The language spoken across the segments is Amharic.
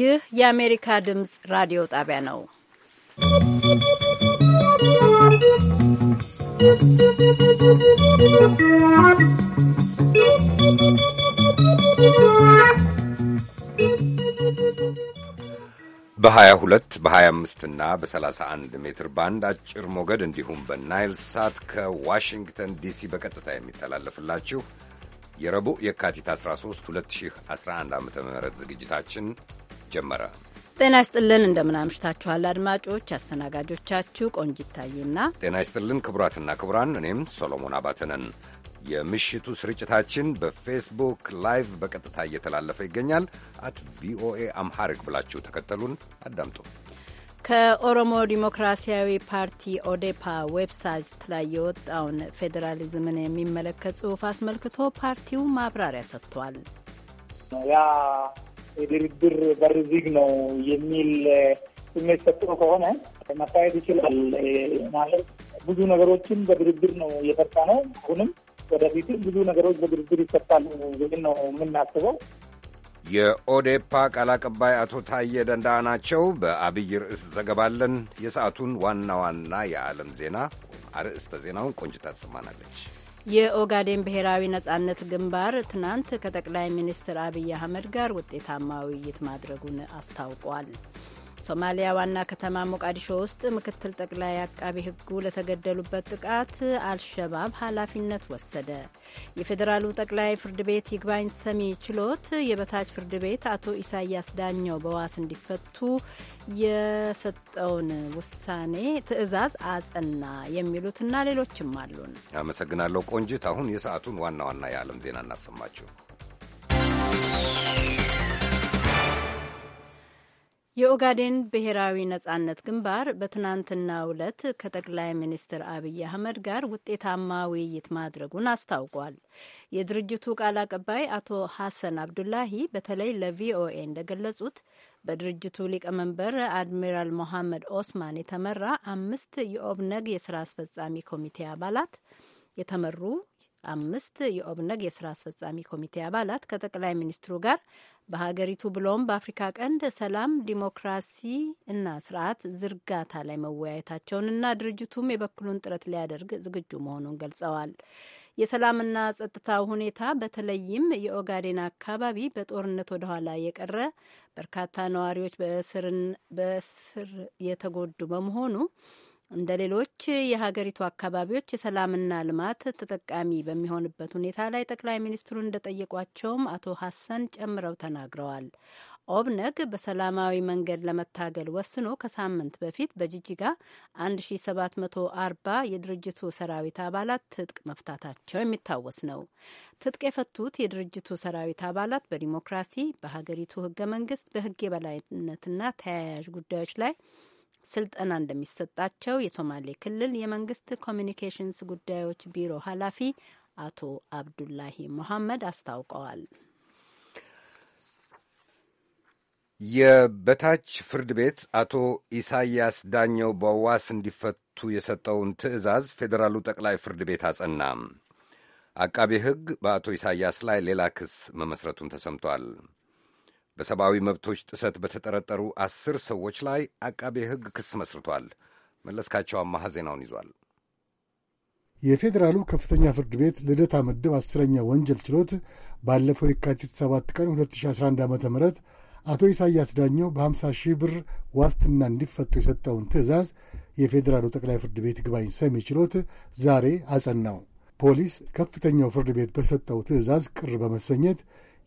ይህ የአሜሪካ ድምፅ ራዲዮ ጣቢያ ነው። በ22 በ25 እና በ31 ሜትር ባንድ አጭር ሞገድ እንዲሁም በናይል ሳት ከዋሽንግተን ዲሲ በቀጥታ የሚተላለፍላችሁ የረቡዕ የካቲት 13 2011 ዓ ም ዝግጅታችን ጀመረ። ጤና ይስጥልን እንደምናምሽታችኋል አድማጮች። አስተናጋጆቻችሁ ቆንጂት ታዬና ጤና ይስጥልን ክቡራትና ክቡራን፣ እኔም ሶሎሞን አባተ ነን። የምሽቱ ስርጭታችን በፌስቡክ ላይቭ በቀጥታ እየተላለፈ ይገኛል። አት ቪኦኤ አምሃሪክ ብላችሁ ተከተሉን አዳምጡ። ከኦሮሞ ዲሞክራሲያዊ ፓርቲ ኦዴፓ ዌብሳይት ላይ የወጣውን ፌዴራሊዝምን የሚመለከት ጽሑፍ አስመልክቶ ፓርቲው ማብራሪያ ሰጥቷል። ድርድር በር ዝግ ነው የሚል ስሜት ሰጥሮ ከሆነ መታየት ይችላል። ማለት ብዙ ነገሮችን በድርድር ነው እየፈታ ነው። አሁንም ወደፊትም ብዙ ነገሮች በድርድር ይፈታሉ ግን ነው የምናስበው። የኦዴፓ ቃል አቀባይ አቶ ታዬ ደንዳ ናቸው። በአብይ ርዕስ ዘገባለን። የሰዓቱን ዋና ዋና የዓለም ዜና አርዕስተ ዜናውን ቆንጭታ ሰማናለች። የኦጋዴን ብሔራዊ ነጻነት ግንባር ትናንት ከጠቅላይ ሚኒስትር አብይ አህመድ ጋር ውጤታማ ውይይት ማድረጉን አስታውቋል። ሶማሊያ ዋና ከተማ ሞቃዲሾ ውስጥ ምክትል ጠቅላይ አቃቤ ሕጉ ለተገደሉበት ጥቃት አልሸባብ ኃላፊነት ወሰደ። የፌዴራሉ ጠቅላይ ፍርድ ቤት ይግባኝ ሰሚ ችሎት የበታች ፍርድ ቤት አቶ ኢሳያስ ዳኘው በዋስ እንዲፈቱ የሰጠውን ውሳኔ ትዕዛዝ አጸና የሚሉትና ሌሎችም አሉን። አመሰግናለሁ ቆንጅት። አሁን የሰዓቱን ዋና ዋና የዓለም ዜና እናሰማችሁ። የኦጋዴን ብሔራዊ ነጻነት ግንባር በትናንትና ዕለት ከጠቅላይ ሚኒስትር አብይ አህመድ ጋር ውጤታማ ውይይት ማድረጉን አስታውቋል። የድርጅቱ ቃል አቀባይ አቶ ሐሰን አብዱላሂ በተለይ ለቪኦኤ እንደገለጹት በድርጅቱ ሊቀመንበር አድሚራል ሞሐመድ ኦስማን የተመራ አምስት የኦብነግ የስራ አስፈጻሚ ኮሚቴ አባላት የተመሩ አምስት የኦብነግ የስራ አስፈጻሚ ኮሚቴ አባላት ከጠቅላይ ሚኒስትሩ ጋር በሀገሪቱ ብሎም በአፍሪካ ቀንድ ሰላም፣ ዲሞክራሲ እና ስርዓት ዝርጋታ ላይ መወያየታቸውንና ድርጅቱም የበኩሉን ጥረት ሊያደርግ ዝግጁ መሆኑን ገልጸዋል። የሰላምና ጸጥታው ሁኔታ በተለይም የኦጋዴን አካባቢ በጦርነት ወደኋላ የቀረ በርካታ ነዋሪዎች በእስር የተጎዱ በመሆኑ እንደ ሌሎች የሀገሪቱ አካባቢዎች የሰላምና ልማት ተጠቃሚ በሚሆንበት ሁኔታ ላይ ጠቅላይ ሚኒስትሩ እንደጠየቋቸውም አቶ ሀሰን ጨምረው ተናግረዋል። ኦብነግ በሰላማዊ መንገድ ለመታገል ወስኖ ከሳምንት በፊት በጂጂጋ 1740 የድርጅቱ ሰራዊት አባላት ትጥቅ መፍታታቸው የሚታወስ ነው። ትጥቅ የፈቱት የድርጅቱ ሰራዊት አባላት በዲሞክራሲ በሀገሪቱ ህገ መንግስት በህግ የበላይነትና ተያያዥ ጉዳዮች ላይ ስልጠና እንደሚሰጣቸው የሶማሌ ክልል የመንግስት ኮሚኒኬሽንስ ጉዳዮች ቢሮ ኃላፊ አቶ አብዱላሂ መሐመድ አስታውቀዋል። የበታች ፍርድ ቤት አቶ ኢሳያስ ዳኘው በዋስ እንዲፈቱ የሰጠውን ትዕዛዝ ፌዴራሉ ጠቅላይ ፍርድ ቤት አጸና። አቃቤ ሕግ በአቶ ኢሳያስ ላይ ሌላ ክስ መመስረቱን ተሰምቷል። በሰብአዊ መብቶች ጥሰት በተጠረጠሩ አስር ሰዎች ላይ አቃቤ ሕግ ክስ መስርቷል። መለስካቸው አማሃ ዜናውን ይዟል። የፌዴራሉ ከፍተኛ ፍርድ ቤት ልደታ ምድብ አስረኛ ወንጀል ችሎት ባለፈው የካቲት 7 ቀን 2011 ዓ ም አቶ ኢሳያስ ዳኘው በ50 ሺህ ብር ዋስትና እንዲፈቱ የሰጠውን ትዕዛዝ የፌዴራሉ ጠቅላይ ፍርድ ቤት ግባኝ ሰሚ ችሎት ዛሬ አጸናው። ፖሊስ ከፍተኛው ፍርድ ቤት በሰጠው ትዕዛዝ ቅር በመሰኘት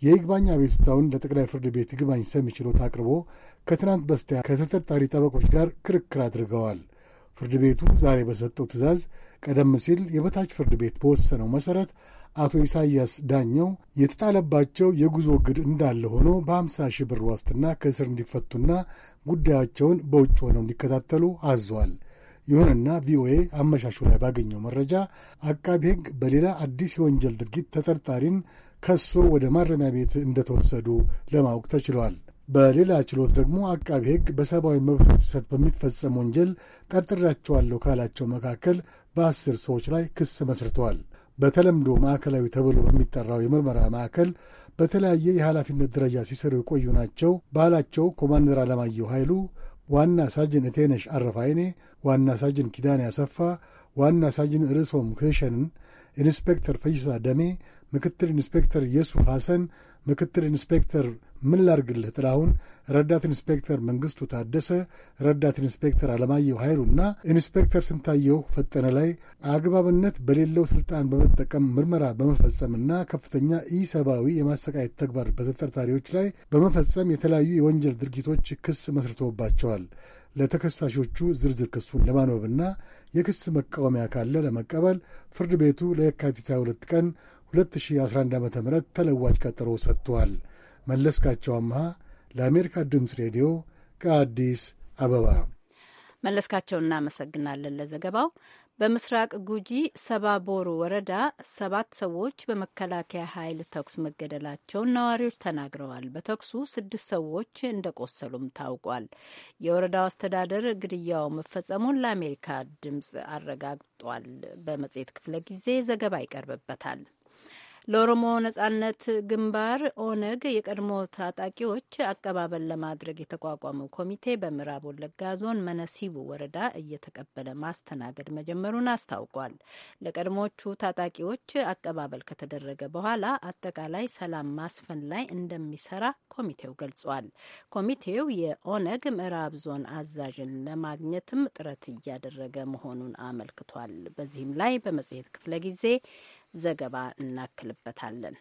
የይግባኝ አቤቱታውን ለጠቅላይ ፍርድ ቤት ይግባኝ ሰሚ ችሎት አቅርቦ ከትናንት በስቲያ ከተጠርጣሪ ጠበቆች ጋር ክርክር አድርገዋል። ፍርድ ቤቱ ዛሬ በሰጠው ትዕዛዝ ቀደም ሲል የበታች ፍርድ ቤት በወሰነው መሠረት አቶ ኢሳያስ ዳኘው የተጣለባቸው የጉዞ እግድ እንዳለ ሆኖ በአምሳ ሺህ ብር ዋስትና ከእስር እንዲፈቱና ጉዳያቸውን በውጭ ሆነው እንዲከታተሉ አዟል። ይሁንና ቪኦኤ አመሻሹ ላይ ባገኘው መረጃ አቃቢ ሕግ በሌላ አዲስ የወንጀል ድርጊት ተጠርጣሪን ከሶ ወደ ማረሚያ ቤት እንደተወሰዱ ለማወቅ ተችሏል። በሌላ ችሎት ደግሞ አቃቢ ሕግ በሰብአዊ መብት ጥሰት በሚፈጸም ወንጀል ጠርጥሬያቸዋለሁ ካላቸው መካከል በአስር ሰዎች ላይ ክስ መስርተዋል። በተለምዶ ማዕከላዊ ተብሎ በሚጠራው የምርመራ ማዕከል በተለያየ የኃላፊነት ደረጃ ሲሰሩ የቆዩ ናቸው ባላቸው ኮማንደር አለማየሁ ኃይሉ፣ ዋና ሳጅን እቴነሽ አረፋይኔ፣ ዋና ሳጅን ኪዳኔ አሰፋ፣ ዋና ሳጅን ርዕሶም ክህሸንን፣ ኢንስፔክተር ፈይሳ ደሜ፣ ምክትል ኢንስፔክተር የሱፍ ሐሰን፣ ምክትል ኢንስፔክተር ምን ላርግልህ ጥላሁን፣ ረዳት ኢንስፔክተር መንግሥቱ ታደሰ፣ ረዳት ኢንስፔክተር አለማየሁ ኃይሉና ኢንስፔክተር ስንታየሁ ፈጠነ ላይ አግባብነት በሌለው ሥልጣን በመጠቀም ምርመራ በመፈጸምና ከፍተኛ ኢሰብአዊ የማሰቃየት ተግባር በተጠርጣሪዎች ላይ በመፈጸም የተለያዩ የወንጀል ድርጊቶች ክስ መስርቶባቸዋል። ለተከሳሾቹ ዝርዝር ክሱን ለማንበብና የክስ መቃወሚያ ካለ ለመቀበል ፍርድ ቤቱ ለየካቲት 22 ቀን 2011 ዓ ም ተለዋጭ ቀጠሮ ሰጥቷል። መለስካቸው አምሃ ለአሜሪካ ድምፅ ሬዲዮ ከአዲስ አበባ። መለስካቸው እናመሰግናለን ለዘገባው። በምስራቅ ጉጂ ሰባቦሩ ወረዳ ሰባት ሰዎች በመከላከያ ኃይል ተኩስ መገደላቸውን ነዋሪዎች ተናግረዋል። በተኩሱ ስድስት ሰዎች እንደቆሰሉም ታውቋል። የወረዳው አስተዳደር ግድያው መፈጸሙን ለአሜሪካ ድምፅ አረጋግጧል። በመጽሔት ክፍለ ጊዜ ዘገባ ይቀርብበታል። ለኦሮሞ ነጻነት ግንባር ኦነግ የቀድሞ ታጣቂዎች አቀባበል ለማድረግ የተቋቋመው ኮሚቴ በምዕራብ ወለጋ ዞን መነሲቡ ወረዳ እየተቀበለ ማስተናገድ መጀመሩን አስታውቋል። ለቀድሞቹ ታጣቂዎች አቀባበል ከተደረገ በኋላ አጠቃላይ ሰላም ማስፈን ላይ እንደሚሰራ ኮሚቴው ገልጿል። ኮሚቴው የኦነግ ምዕራብ ዞን አዛዥን ለማግኘትም ጥረት እያደረገ መሆኑን አመልክቷል። በዚህም ላይ በመጽሔት ክፍለ ጊዜ ዘገባ እናክልበታለን።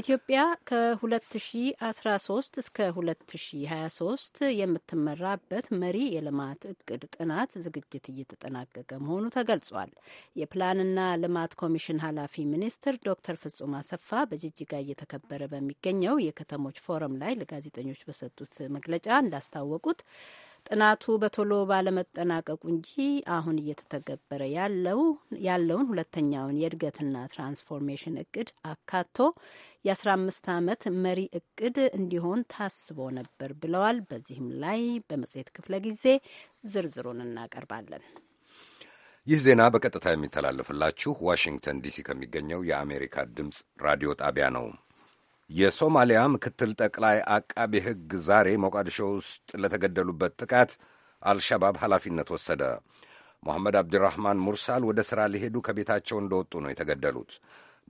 ኢትዮጵያ ከ2013 እስከ 2023 የምትመራበት መሪ የልማት እቅድ ጥናት ዝግጅት እየተጠናቀቀ መሆኑ ተገልጿል። የፕላንና ልማት ኮሚሽን ኃላፊ ሚኒስትር ዶክተር ፍጹም አሰፋ በጅጅጋ እየተከበረ በሚገኘው የከተሞች ፎረም ላይ ለጋዜጠኞች በሰጡት መግለጫ እንዳስታወቁት ጥናቱ በቶሎ ባለመጠናቀቁ እንጂ አሁን እየተተገበረ ያለውን ሁለተኛውን የእድገትና ትራንስፎርሜሽን እቅድ አካቶ የ15 ዓመት መሪ እቅድ እንዲሆን ታስቦ ነበር ብለዋል። በዚህም ላይ በመጽሔት ክፍለ ጊዜ ዝርዝሩን እናቀርባለን። ይህ ዜና በቀጥታ የሚተላለፍላችሁ ዋሽንግተን ዲሲ ከሚገኘው የአሜሪካ ድምፅ ራዲዮ ጣቢያ ነው። የሶማሊያ ምክትል ጠቅላይ አቃቢ ሕግ ዛሬ ሞቃዲሾ ውስጥ ለተገደሉበት ጥቃት አልሸባብ ኃላፊነት ወሰደ። መሐመድ አብድራህማን ሙርሳል ወደ ሥራ ሊሄዱ ከቤታቸው እንደወጡ ነው የተገደሉት።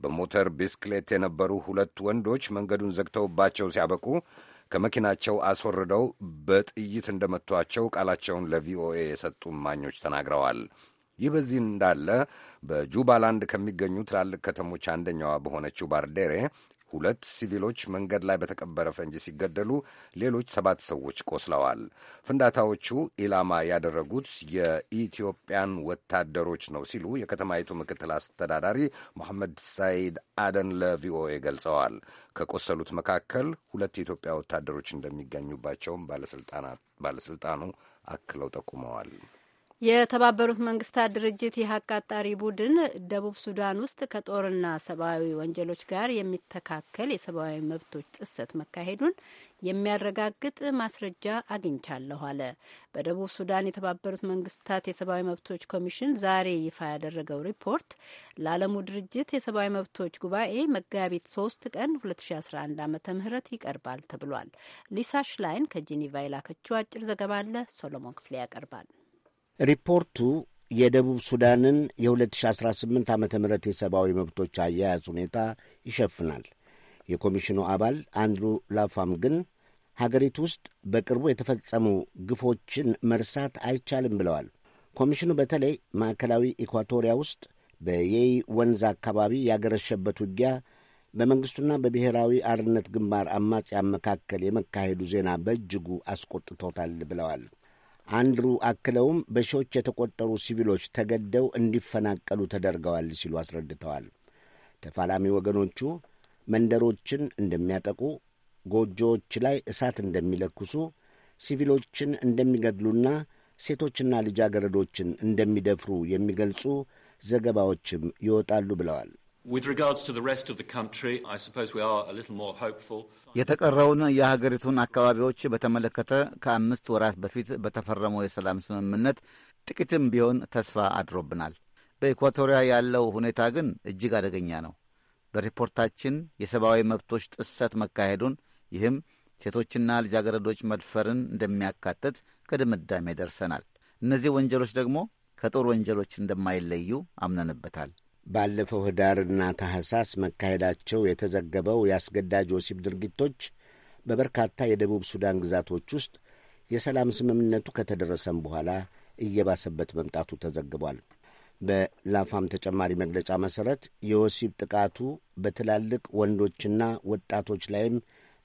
በሞተር ቢስክሌት የነበሩ ሁለት ወንዶች መንገዱን ዘግተውባቸው ሲያበቁ ከመኪናቸው አስወርደው በጥይት እንደመቷቸው ቃላቸውን ለቪኦኤ የሰጡ እማኞች ተናግረዋል። ይህ በዚህ እንዳለ በጁባላንድ ከሚገኙ ትላልቅ ከተሞች አንደኛዋ በሆነችው ባርዴሬ ሁለት ሲቪሎች መንገድ ላይ በተቀበረ ፈንጂ ሲገደሉ ሌሎች ሰባት ሰዎች ቆስለዋል። ፍንዳታዎቹ ኢላማ ያደረጉት የኢትዮጵያን ወታደሮች ነው ሲሉ የከተማይቱ ምክትል አስተዳዳሪ መሐመድ ሳይድ አደን ለቪኦኤ ገልጸዋል። ከቆሰሉት መካከል ሁለት የኢትዮጵያ ወታደሮች እንደሚገኙባቸውም ባለስልጣኑ አክለው ጠቁመዋል። የተባበሩት መንግስታት ድርጅት ይህ አቃጣሪ ቡድን ደቡብ ሱዳን ውስጥ ከጦርና ሰብአዊ ወንጀሎች ጋር የሚተካከል የሰብአዊ መብቶች ጥሰት መካሄዱን የሚያረጋግጥ ማስረጃ አግኝቻለሁ አለ። በደቡብ ሱዳን የተባበሩት መንግስታት የሰብአዊ መብቶች ኮሚሽን ዛሬ ይፋ ያደረገው ሪፖርት ለዓለሙ ድርጅት የሰብአዊ መብቶች ጉባኤ መጋቢት ሶስት ቀን 2011 ዓ ምህረት ይቀርባል ተብሏል። ሊሳ ሽላይን ከጄኔቫ የላከችው አጭር ዘገባ አለ። ሶሎሞን ክፍሌ ያቀርባል። ሪፖርቱ የደቡብ ሱዳንን የ2018 ዓ ም የሰብአዊ መብቶች አያያዝ ሁኔታ ይሸፍናል። የኮሚሽኑ አባል አንድሩ ላፋም ግን ሀገሪቱ ውስጥ በቅርቡ የተፈጸሙ ግፎችን መርሳት አይቻልም ብለዋል። ኮሚሽኑ በተለይ ማዕከላዊ ኢኳቶሪያ ውስጥ በየይ ወንዝ አካባቢ ያገረሸበት ውጊያ በመንግሥቱና በብሔራዊ አርነት ግንባር አማጺያን መካከል የመካሄዱ ዜና በእጅጉ አስቆጥቶታል ብለዋል። አንድሩ አክለውም በሺዎች የተቆጠሩ ሲቪሎች ተገደው እንዲፈናቀሉ ተደርገዋል ሲሉ አስረድተዋል። ተፋላሚ ወገኖቹ መንደሮችን እንደሚያጠቁ፣ ጎጆዎች ላይ እሳት እንደሚለኩሱ፣ ሲቪሎችን እንደሚገድሉና ሴቶችና ልጃገረዶችን እንደሚደፍሩ የሚገልጹ ዘገባዎችም ይወጣሉ ብለዋል። የተቀረውን የሀገሪቱን አካባቢዎች በተመለከተ ከአምስት ወራት በፊት በተፈረመው የሰላም ስምምነት ጥቂትም ቢሆን ተስፋ አድሮብናል። በኢኳቶሪያ ያለው ሁኔታ ግን እጅግ አደገኛ ነው። በሪፖርታችን የሰብአዊ መብቶች ጥሰት መካሄዱን ይህም ሴቶችና ልጃገረዶች መድፈርን እንደሚያካትት ከድምዳሜ ደርሰናል። እነዚህ ወንጀሎች ደግሞ ከጦር ወንጀሎች እንደማይለዩ አምነንበታል። ባለፈው ህዳርና ታህሳስ መካሄዳቸው የተዘገበው የአስገዳጅ ወሲብ ድርጊቶች በበርካታ የደቡብ ሱዳን ግዛቶች ውስጥ የሰላም ስምምነቱ ከተደረሰም በኋላ እየባሰበት መምጣቱ ተዘግቧል። በላፋም ተጨማሪ መግለጫ መሠረት የወሲብ ጥቃቱ በትላልቅ ወንዶችና ወጣቶች ላይም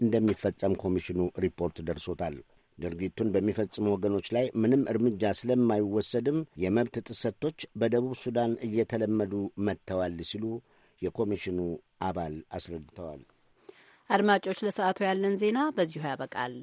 እንደሚፈጸም ኮሚሽኑ ሪፖርት ደርሶታል። ድርጊቱን በሚፈጽሙ ወገኖች ላይ ምንም እርምጃ ስለማይወሰድም የመብት ጥሰቶች በደቡብ ሱዳን እየተለመዱ መጥተዋል ሲሉ የኮሚሽኑ አባል አስረድተዋል። አድማጮች፣ ለሰዓቱ ያለን ዜና በዚሁ ያበቃል።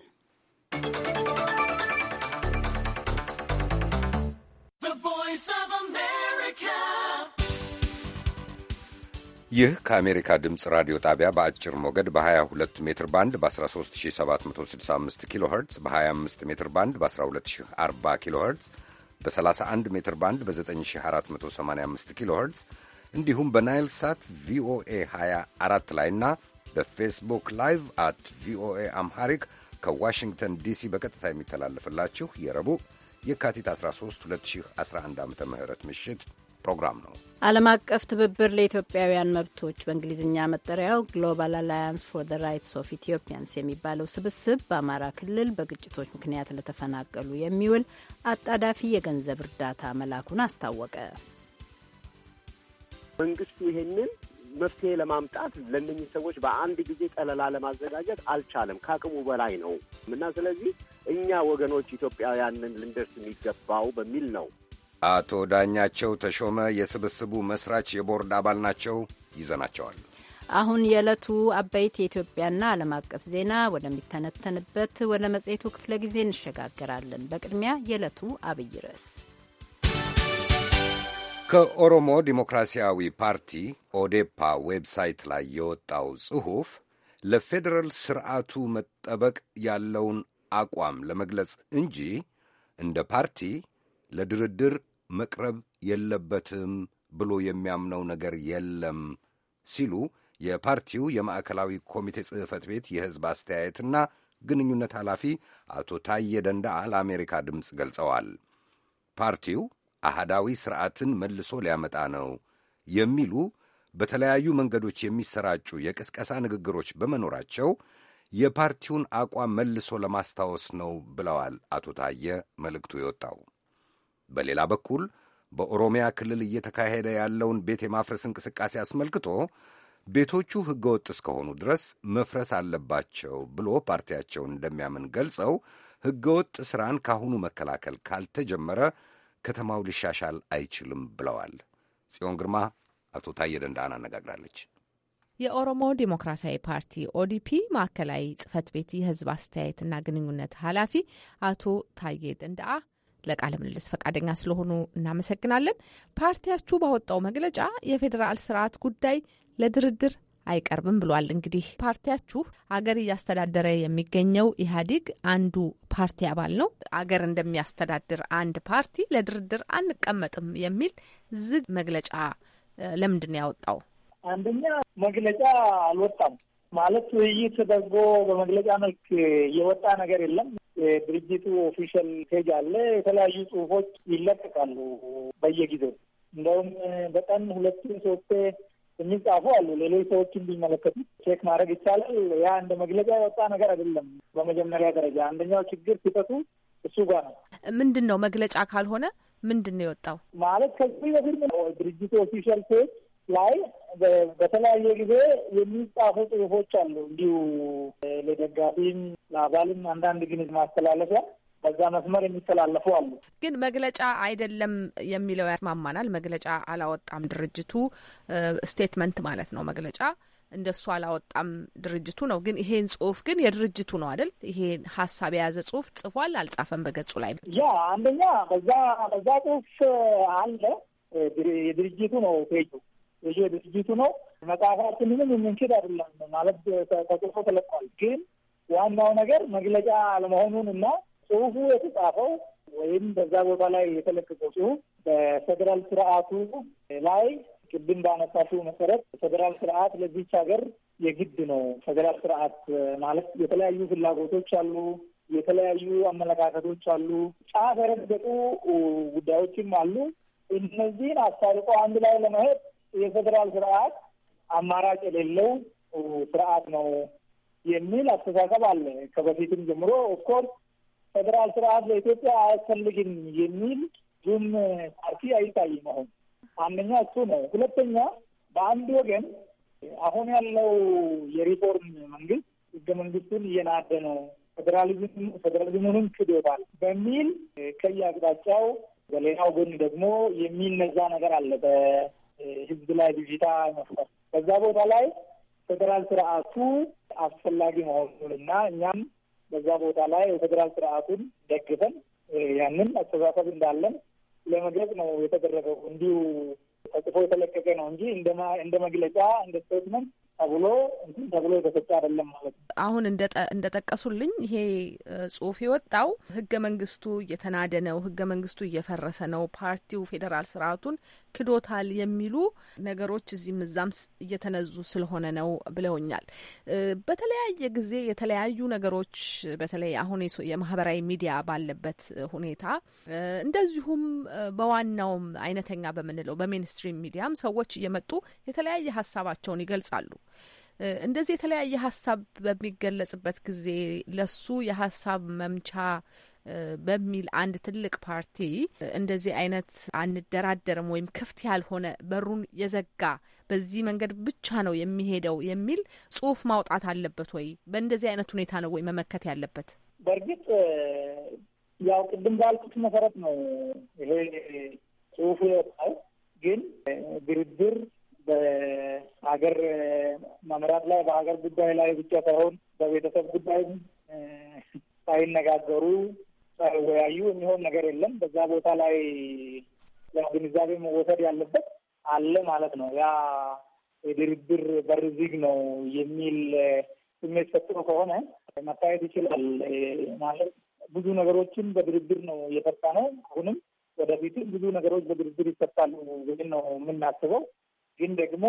ይህ ከአሜሪካ ድምፅ ራዲዮ ጣቢያ በአጭር ሞገድ በ22 ሜትር ባንድ በ13765 ኪሎ ኸርትዝ በ25 ሜትር ባንድ በ1240 ኪሎ ኸርትዝ በ31 ሜትር ባንድ በ9485 ኪሎ ኸርትዝ እንዲሁም በናይል ሳት ቪኦኤ 24 ላይና በፌስቡክ ላይቭ አት ቪኦኤ አምሃሪክ ከዋሽንግተን ዲሲ በቀጥታ የሚተላለፍላችሁ የረቡዕ የካቲት 13 2011 ዓ ም ምሽት ፕሮግራም ነው። ዓለም አቀፍ ትብብር ለኢትዮጵያውያን መብቶች በእንግሊዝኛ መጠሪያው ግሎባል አላያንስ ፎር ዘ ራይትስ ኦፍ ኢትዮጵያንስ የሚባለው ስብስብ በአማራ ክልል በግጭቶች ምክንያት ለተፈናቀሉ የሚውል አጣዳፊ የገንዘብ እርዳታ መላኩን አስታወቀ። መንግስቱ ይህንን መፍትሄ ለማምጣት ለእነኝህ ሰዎች በአንድ ጊዜ ጠለላ ለማዘጋጀት አልቻለም። ከአቅሙ በላይ ነው እና ስለዚህ እኛ ወገኖች ኢትዮጵያውያንን ልንደርስ የሚገባው በሚል ነው አቶ ዳኛቸው ተሾመ የስብስቡ መስራች የቦርድ አባል ናቸው። ይዘናቸዋል። አሁን የዕለቱ አበይት የኢትዮጵያና ዓለም አቀፍ ዜና ወደሚተነተንበት ወደ መጽሔቱ ክፍለ ጊዜ እንሸጋገራለን። በቅድሚያ የዕለቱ አብይ ርዕስ ከኦሮሞ ዲሞክራሲያዊ ፓርቲ ኦዴፓ ዌብሳይት ላይ የወጣው ጽሑፍ ለፌዴራል ስርዓቱ መጠበቅ ያለውን አቋም ለመግለጽ እንጂ እንደ ፓርቲ ለድርድር መቅረብ የለበትም ብሎ የሚያምነው ነገር የለም ሲሉ የፓርቲው የማዕከላዊ ኮሚቴ ጽሕፈት ቤት የሕዝብ አስተያየትና ግንኙነት ኃላፊ አቶ ታዬ ደንዳ ለአሜሪካ ድምፅ ገልጸዋል። ፓርቲው አህዳዊ ሥርዓትን መልሶ ሊያመጣ ነው የሚሉ በተለያዩ መንገዶች የሚሰራጩ የቅስቀሳ ንግግሮች በመኖራቸው የፓርቲውን አቋም መልሶ ለማስታወስ ነው ብለዋል አቶ ታየ መልእክቱ የወጣው። በሌላ በኩል በኦሮሚያ ክልል እየተካሄደ ያለውን ቤት የማፍረስ እንቅስቃሴ አስመልክቶ ቤቶቹ ሕገወጥ እስከሆኑ ድረስ መፍረስ አለባቸው ብሎ ፓርቲያቸውን እንደሚያምን ገልጸው ሕገወጥ ሥራን ካሁኑ መከላከል ካልተጀመረ ከተማው ሊሻሻል አይችልም ብለዋል። ጽዮን ግርማ አቶ ታየ ደንዳን አነጋግራለች። የኦሮሞ ዴሞክራሲያዊ ፓርቲ ኦዲፒ ማዕከላዊ ጽህፈት ቤት የህዝብ አስተያየትና ግንኙነት ኃላፊ አቶ ታየ ደንዳአ ለቃለ ምልልስ ፈቃደኛ ስለሆኑ እናመሰግናለን። ፓርቲያችሁ ባወጣው መግለጫ የፌዴራል ስርዓት ጉዳይ ለድርድር አይቀርብም ብሏል። እንግዲህ ፓርቲያችሁ አገር እያስተዳደረ የሚገኘው ኢህአዴግ አንዱ ፓርቲ አባል ነው። አገር እንደሚያስተዳድር አንድ ፓርቲ ለድርድር አንቀመጥም የሚል ዝግ መግለጫ ለምንድን ነው ያወጣው? አንደኛ መግለጫ አልወጣም ማለት ውይይት ተደርጎ በመግለጫ መልክ የወጣ ነገር የለም። የድርጅቱ ኦፊሻል ፔጅ አለ። የተለያዩ ጽሁፎች ይለቀቃሉ በየጊዜው እንደውም በጣም ሁለቱም ሶስቴ የሚጻፉ አሉ። ሌሎች ሰዎች እንዲመለከቱ ቼክ ማድረግ ይቻላል። ያ እንደ መግለጫ የወጣ ነገር አይደለም። በመጀመሪያ ደረጃ አንደኛው ችግር ስህተቱ እሱ ጋር ነው። ምንድን ነው መግለጫ ካልሆነ ምንድን ነው የወጣው ማለት ከዚህ በፊት ድርጅቱ ኦፊሻል ፔጅ ላይ በተለያየ ጊዜ የሚጻፉ ጽሁፎች አሉ። እንዲሁ ለደጋፊም ለአባልም አንዳንድ ግን ማስተላለፊያ በዛ መስመር የሚተላለፉ አሉ። ግን መግለጫ አይደለም የሚለው ያስማማናል። መግለጫ አላወጣም ድርጅቱ ስቴትመንት ማለት ነው። መግለጫ እንደሱ አላወጣም ድርጅቱ ነው። ግን ይሄን ጽሁፍ ግን የድርጅቱ ነው አይደል? ይሄን ሀሳብ የያዘ ጽሁፍ ጽፏል አልጻፈም? በገጹ ላይ ያ አንደኛ በዛ በዛ ጽሁፍ አለ የድርጅቱ ነው ፔጁ ይሄ ድርጅቱ ነው። መጽሐፋችንንም የምንችል አይደለም ማለት ተጽፎ ተለቋል። ግን ዋናው ነገር መግለጫ አለመሆኑን እና ጽሁፉ የተጻፈው ወይም በዛ ቦታ ላይ የተለቀቀው ጽሁፍ በፌዴራል ስርዓቱ ላይ ቅድም ባነሳሽው መሰረት ፌዴራል ስርዓት ለዚች ሀገር የግድ ነው። ፌዴራል ስርዓት ማለት የተለያዩ ፍላጎቶች አሉ፣ የተለያዩ አመለካከቶች አሉ፣ ጫፍ የረገጡ ጉዳዮችም አሉ። እነዚህን አስታርቆ አንድ ላይ ለመሄድ የፌዴራል ስርዓት አማራጭ የሌለው ስርዓት ነው የሚል አስተሳሰብ አለ ከበፊትም ጀምሮ። ኦፍኮርስ ፌዴራል ስርዓት ለኢትዮጵያ አያስፈልግም የሚል ብዙም ፓርቲ አይታይም። አሁን አንደኛ እሱ ነው። ሁለተኛ በአንድ ወገን አሁን ያለው የሪፎርም መንግስት ህገ መንግስቱን እየናደ ነው፣ ፌዴራሊዝሙንም ክዶታል በሚል ከየአቅጣጫው በሌላው ጎን ደግሞ የሚነዛ ነገር አለ ህዝብ ላይ ብዥታ መፍጠር በዛ ቦታ ላይ ፌዴራል ስርዓቱ አስፈላጊ እና እኛም በዛ ቦታ ላይ የፌዴራል ስርዓቱን ደግፈን ያንን አስተሳሰብ እንዳለን ለመግለጽ ነው የተደረገው። እንዲሁ ተጽፎ የተለቀቀ ነው እንጂ እንደ መግለጫ እንደ ስቴትመንት ተብሎ እንትን ተብሎ የተሰጠ አይደለም ማለት ነው። አሁን እንደ ጠቀሱልኝ ይሄ ጽሁፍ የወጣው ህገ መንግስቱ እየተናደ ነው፣ ህገ መንግስቱ እየፈረሰ ነው፣ ፓርቲው ፌዴራል ስርዓቱን ክዶታል የሚሉ ነገሮች እዚህም እዛም እየተነዙ ስለሆነ ነው ብለውኛል። በተለያየ ጊዜ የተለያዩ ነገሮች በተለይ አሁን የማህበራዊ ሚዲያ ባለበት ሁኔታ እንደዚሁም በዋናውም አይነተኛ በምንለው በሜንስትሪም ሚዲያም ሰዎች እየመጡ የተለያየ ሀሳባቸውን ይገልጻሉ። እንደዚህ የተለያየ ሀሳብ በሚገለጽበት ጊዜ ለሱ የሀሳብ መምቻ በሚል አንድ ትልቅ ፓርቲ እንደዚህ አይነት አንደራደርም ወይም ክፍት ያልሆነ በሩን የዘጋ በዚህ መንገድ ብቻ ነው የሚሄደው የሚል ጽሁፍ ማውጣት አለበት ወይ? በእንደዚህ አይነት ሁኔታ ነው ወይ መመከት ያለበት? በእርግጥ ያው ቅድም ባልኩት መሰረት ነው ይሄ ጽሁፉ የወጣው። ግን ድርድር በሀገር መምራት ላይ በሀገር ጉዳይ ላይ ብቻ ሳይሆን በቤተሰብ ጉዳይም ሳይነጋገሩ ሳይወያዩ የሚሆን ነገር የለም። በዛ ቦታ ላይ ያው ግንዛቤ መወሰድ ያለበት አለ ማለት ነው። ያ የድርድር በር ዝግ ነው የሚል ስሜት ፈጥሮ ከሆነ መታየት ይችላል ማለት ብዙ ነገሮችን በድርድር ነው እየፈታ ነው። አሁንም ወደፊትም ብዙ ነገሮች በድርድር ይፈታሉ ነው የምናስበው። ግን ደግሞ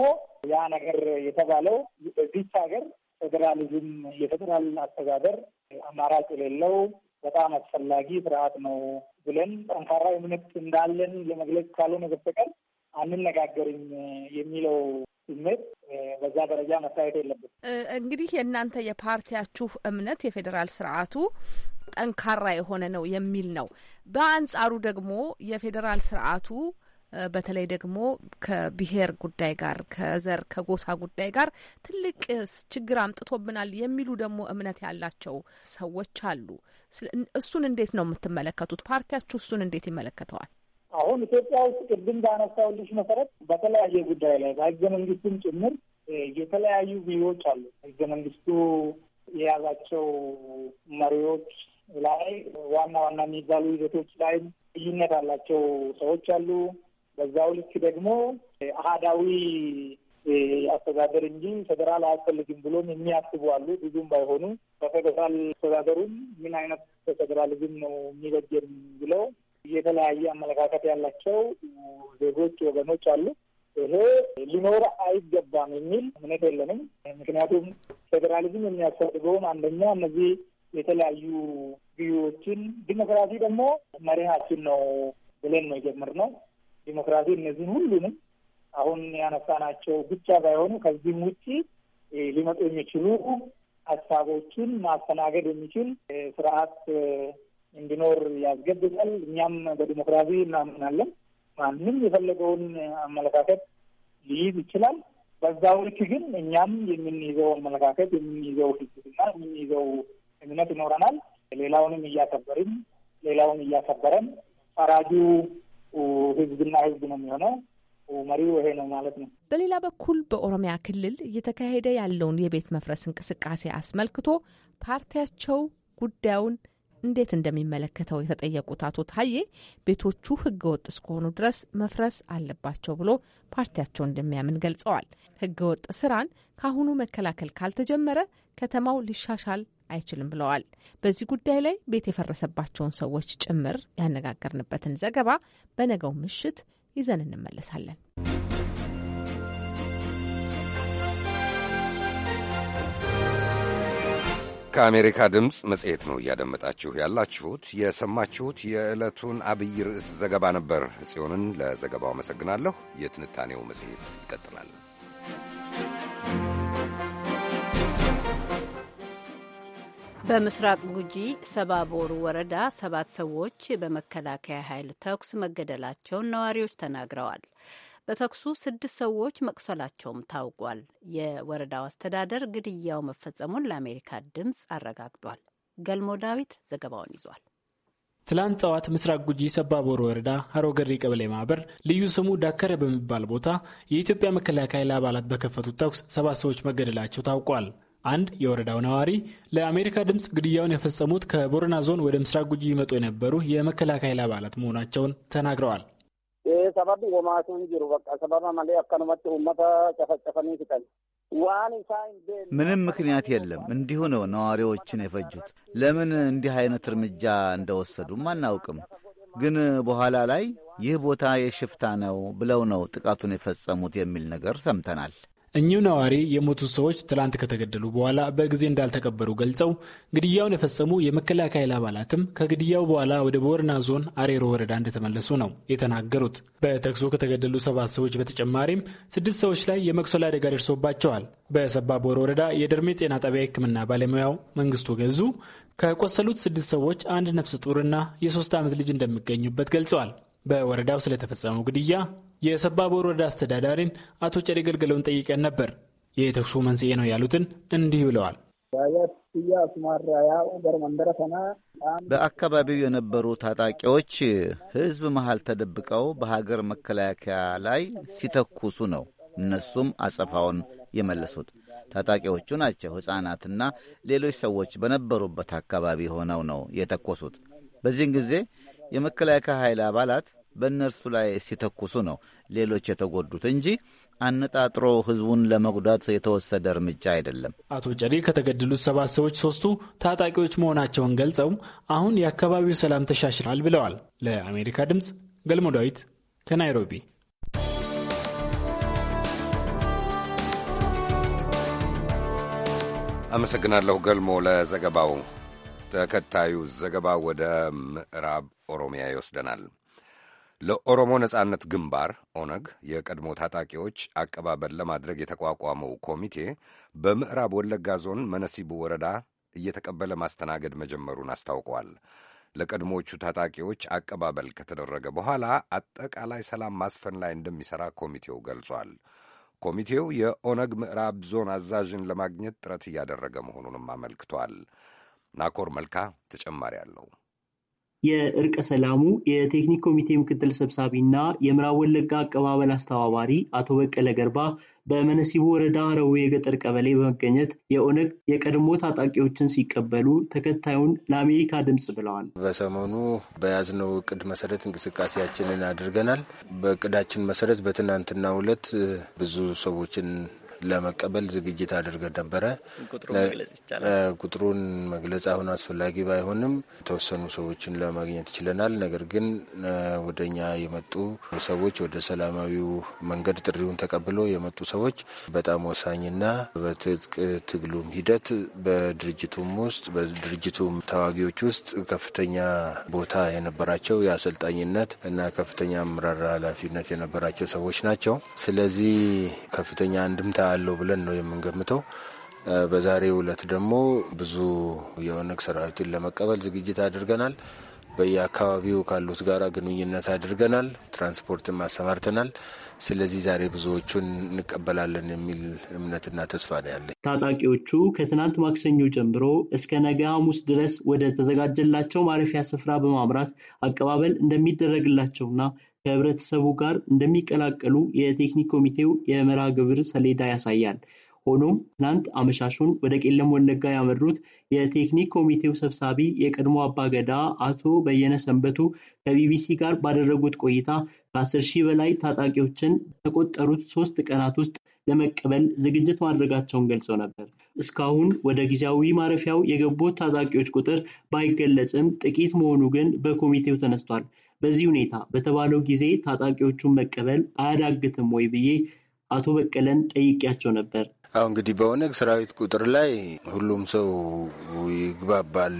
ያ ነገር የተባለው እዚች ሀገር ፌዴራሊዝም የፌዴራል አስተዳደር አማራጭ የሌለው በጣም አስፈላጊ ስርዓት ነው ብለን ጠንካራ እምነት እንዳለን ለመግለጽ ካልሆነ በስተቀር አንነጋገርም የሚለው ስሜት በዛ ደረጃ መታየት የለበት። እንግዲህ የእናንተ የፓርቲያችሁ እምነት የፌዴራል ስርዓቱ ጠንካራ የሆነ ነው የሚል ነው። በአንጻሩ ደግሞ የፌዴራል ስርዓቱ በተለይ ደግሞ ከብሔር ጉዳይ ጋር ከዘር ከጎሳ ጉዳይ ጋር ትልቅ ችግር አምጥቶብናል የሚሉ ደግሞ እምነት ያላቸው ሰዎች አሉ። እሱን እንዴት ነው የምትመለከቱት? ፓርቲያችሁ እሱን እንዴት ይመለከተዋል? አሁን ኢትዮጵያ ውስጥ ቅድም ባነሳውልሽ መሰረት በተለያየ ጉዳይ ላይ በህገ መንግስቱም ጭምር የተለያዩ ቪዎች አሉ። ህገ መንግስቱ የያዛቸው መሪዎች ላይ ዋና ዋና የሚባሉ ይዘቶች ላይ ልዩነት ያላቸው ሰዎች አሉ። በዛው ልክ ደግሞ አህዳዊ አስተዳደር እንጂ ፌዴራል አያስፈልግም ብሎም የሚያስቡ አሉ። ብዙም ባይሆኑ በፌዴራል አስተዳደሩም ምን አይነት ፌዴራሊዝም ነው የሚበጀን ብለው የተለያየ አመለካከት ያላቸው ዜጎች፣ ወገኖች አሉ። ይሄ ሊኖር አይገባም የሚል እምነት የለንም። ምክንያቱም ፌዴራሊዝም የሚያስፈልገውም አንደኛ እነዚህ የተለያዩ ብዮችን ዲሞክራሲ ደግሞ መሪሃችን ነው ብለን ነው የጀመርነው ዲሞክራሲ እነዚህን ሁሉንም አሁን ያነሳናቸው ብቻ ባይሆኑ ከዚህም ውጭ ሊመጡ የሚችሉ ሀሳቦችን ማስተናገድ የሚችል ስርዓት እንዲኖር ያስገድዳል። እኛም በዲሞክራሲ እናምናለን። ማንም የፈለገውን አመለካከት ሊይዝ ይችላል። በዛው ልክ ግን እኛም የምንይዘው አመለካከት የምንይዘው ህግና የምንይዘው እምነት ይኖረናል። ሌላውንም እያከበርን ሌላውን እያከበረን ፈራጁ ህዝብና ህዝብ ነው የሚሆነው። መሪው ይሄ ነው ማለት ነው። በሌላ በኩል በኦሮሚያ ክልል እየተካሄደ ያለውን የቤት መፍረስ እንቅስቃሴ አስመልክቶ ፓርቲያቸው ጉዳዩን እንዴት እንደሚመለከተው የተጠየቁት አቶ ታዬ ቤቶቹ ህገወጥ እስከሆኑ ድረስ መፍረስ አለባቸው ብሎ ፓርቲያቸው እንደሚያምን ገልጸዋል። ህገወጥ ስራን ከአሁኑ መከላከል ካልተጀመረ ከተማው ሊሻሻል አይችልም ብለዋል። በዚህ ጉዳይ ላይ ቤት የፈረሰባቸውን ሰዎች ጭምር ያነጋገርንበትን ዘገባ በነገው ምሽት ይዘን እንመለሳለን። ከአሜሪካ ድምፅ መጽሔት ነው እያደመጣችሁ ያላችሁት። የሰማችሁት የዕለቱን አብይ ርዕስ ዘገባ ነበር። ጽዮንን ለዘገባው አመሰግናለሁ። የትንታኔው መጽሔት ይቀጥላል። በምስራቅ ጉጂ ሰባቦር ወረዳ ሰባት ሰዎች በመከላከያ ኃይል ተኩስ መገደላቸውን ነዋሪዎች ተናግረዋል። በተኩሱ ስድስት ሰዎች መቁሰላቸውም ታውቋል። የወረዳው አስተዳደር ግድያው መፈጸሙን ለአሜሪካ ድምፅ አረጋግጧል። ገልሞ ዳዊት ዘገባውን ይዟል። ትላንት ጠዋት ምስራቅ ጉጂ ሰባቦር ወረዳ አሮገሪ ቀበሌ ማህበር ልዩ ስሙ ዳከረ በሚባል ቦታ የኢትዮጵያ መከላከያ ኃይል አባላት በከፈቱት ተኩስ ሰባት ሰዎች መገደላቸው ታውቋል። አንድ የወረዳው ነዋሪ ለአሜሪካ ድምፅ ግድያውን የፈጸሙት ከቦረና ዞን ወደ ምስራቅ ጉጂ ይመጡ የነበሩ የመከላከያ አባላት መሆናቸውን ተናግረዋል። ምንም ምክንያት የለም። እንዲሁ ነው ነዋሪዎችን የፈጁት። ለምን እንዲህ አይነት እርምጃ እንደወሰዱም አናውቅም። ግን በኋላ ላይ ይህ ቦታ የሽፍታ ነው ብለው ነው ጥቃቱን የፈጸሙት የሚል ነገር ሰምተናል። እኚሁ ነዋሪ የሞቱት ሰዎች ትላንት ከተገደሉ በኋላ በጊዜ እንዳልተቀበሩ ገልጸው ግድያውን የፈጸሙ የመከላከያ ኃይል አባላትም ከግድያው በኋላ ወደ ቦረና ዞን አሬሮ ወረዳ እንደተመለሱ ነው የተናገሩት። በተኩሱ ከተገደሉ ሰባት ሰዎች በተጨማሪም ስድስት ሰዎች ላይ የመቁሰል አደጋ ደርሶባቸዋል። በሰባቦር ወረዳ የደርሜ ጤና ጣቢያ ሕክምና ባለሙያው መንግስቱ ገዙ ከቆሰሉት ስድስት ሰዎች አንድ ነፍሰ ጡርና የሶስት ዓመት ልጅ እንደሚገኙበት ገልጸዋል። በወረዳው ስለተፈጸመው ግድያ የሰባቦር ወረዳ አስተዳዳሪን አቶ ጨሪ ገልገለውን ጠይቀን ነበር። የተኩሱ መንስኤ ነው ያሉትን እንዲህ ብለዋል። በአካባቢው የነበሩ ታጣቂዎች ህዝብ መሃል ተደብቀው በሀገር መከላከያ ላይ ሲተኩሱ ነው እነሱም አጸፋውን የመለሱት ታጣቂዎቹ ናቸው። ሕፃናትና ሌሎች ሰዎች በነበሩበት አካባቢ ሆነው ነው የተኮሱት። በዚህን ጊዜ የመከላከያ ኃይል አባላት በእነርሱ ላይ ሲተኩሱ ነው ሌሎች የተጎዱት እንጂ አነጣጥሮ ህዝቡን ለመጉዳት የተወሰደ እርምጃ አይደለም። አቶ ጨሪ ከተገደሉት ሰባት ሰዎች ሶስቱ ታጣቂዎች መሆናቸውን ገልጸው አሁን የአካባቢው ሰላም ተሻሽላል ብለዋል። ለአሜሪካ ድምፅ ገልሞ ዳዊት ከናይሮቢ። አመሰግናለሁ ገልሞ ለዘገባው። ተከታዩ ዘገባ ወደ ምዕራብ ኦሮሚያ ይወስደናል። ለኦሮሞ ነጻነት ግንባር ኦነግ የቀድሞ ታጣቂዎች አቀባበል ለማድረግ የተቋቋመው ኮሚቴ በምዕራብ ወለጋ ዞን መነሲቡ ወረዳ እየተቀበለ ማስተናገድ መጀመሩን አስታውቋል። ለቀድሞዎቹ ታጣቂዎች አቀባበል ከተደረገ በኋላ አጠቃላይ ሰላም ማስፈን ላይ እንደሚሠራ ኮሚቴው ገልጿል። ኮሚቴው የኦነግ ምዕራብ ዞን አዛዥን ለማግኘት ጥረት እያደረገ መሆኑንም አመልክቷል። ናኮር መልካ ተጨማሪ አለው። የእርቀ ሰላሙ የቴክኒክ ኮሚቴ ምክትል ሰብሳቢ እና የምዕራብ ወለጋ አቀባበል አስተባባሪ አቶ በቀለ ገርባ በመነሲቡ ወረዳ ረዌ የገጠር ቀበሌ በመገኘት የኦነግ የቀድሞ ታጣቂዎችን ሲቀበሉ ተከታዩን ለአሜሪካ ድምፅ ብለዋል። በሰሞኑ በያዝነው እቅድ መሰረት እንቅስቃሴያችንን አድርገናል። በእቅዳችን መሰረት በትናንትናው ዕለት ብዙ ሰዎችን ለመቀበል ዝግጅት አድርገን ነበረ። ቁጥሩን መግለጽ አሁን አስፈላጊ ባይሆንም የተወሰኑ ሰዎችን ለማግኘት ችለናል። ነገር ግን ወደኛ የመጡ ሰዎች ወደ ሰላማዊው መንገድ ጥሪውን ተቀብሎ የመጡ ሰዎች በጣም ወሳኝና በትጥቅ ትግሉም ሂደት በድርጅቱም ውስጥ በድርጅቱም ተዋጊዎች ውስጥ ከፍተኛ ቦታ የነበራቸው የአሰልጣኝነት እና ከፍተኛ አመራር ኃላፊነት የነበራቸው ሰዎች ናቸው። ስለዚህ ከፍተኛ አንድምታ አለው ብለን ነው የምንገምተው። በዛሬው ውለት ደግሞ ብዙ የኦነግ ሰራዊትን ለመቀበል ዝግጅት አድርገናል። በየአካባቢው ካሉት ጋራ ግንኙነት አድርገናል። ትራንስፖርትም አሰማርተናል። ስለዚህ ዛሬ ብዙዎቹን እንቀበላለን የሚል እምነትና ተስፋ ነው ያለኝ። ታጣቂዎቹ ከትናንት ማክሰኞ ጀምሮ እስከ ነገ ሐሙስ ድረስ ወደ ተዘጋጀላቸው ማረፊያ ስፍራ በማምራት አቀባበል እንደሚደረግላቸውና ከህብረተሰቡ ጋር እንደሚቀላቀሉ የቴክኒክ ኮሚቴው የመርሃ ግብር ሰሌዳ ያሳያል። ሆኖም ትናንት አመሻሹን ወደ ቄለም ወለጋ ያመሩት የቴክኒክ ኮሚቴው ሰብሳቢ የቀድሞ አባገዳ አቶ በየነ ሰንበቱ ከቢቢሲ ጋር ባደረጉት ቆይታ ከአስር ሺህ በላይ ታጣቂዎችን በተቆጠሩት ሶስት ቀናት ውስጥ ለመቀበል ዝግጅት ማድረጋቸውን ገልጸው ነበር። እስካሁን ወደ ጊዜያዊ ማረፊያው የገቡት ታጣቂዎች ቁጥር ባይገለጽም ጥቂት መሆኑ ግን በኮሚቴው ተነስቷል። በዚህ ሁኔታ በተባለው ጊዜ ታጣቂዎቹን መቀበል አያዳግትም ወይ ብዬ አቶ በቀለን ጠይቄያቸው ነበር። አሁ እንግዲህ በኦነግ ሰራዊት ቁጥር ላይ ሁሉም ሰው ይግባባል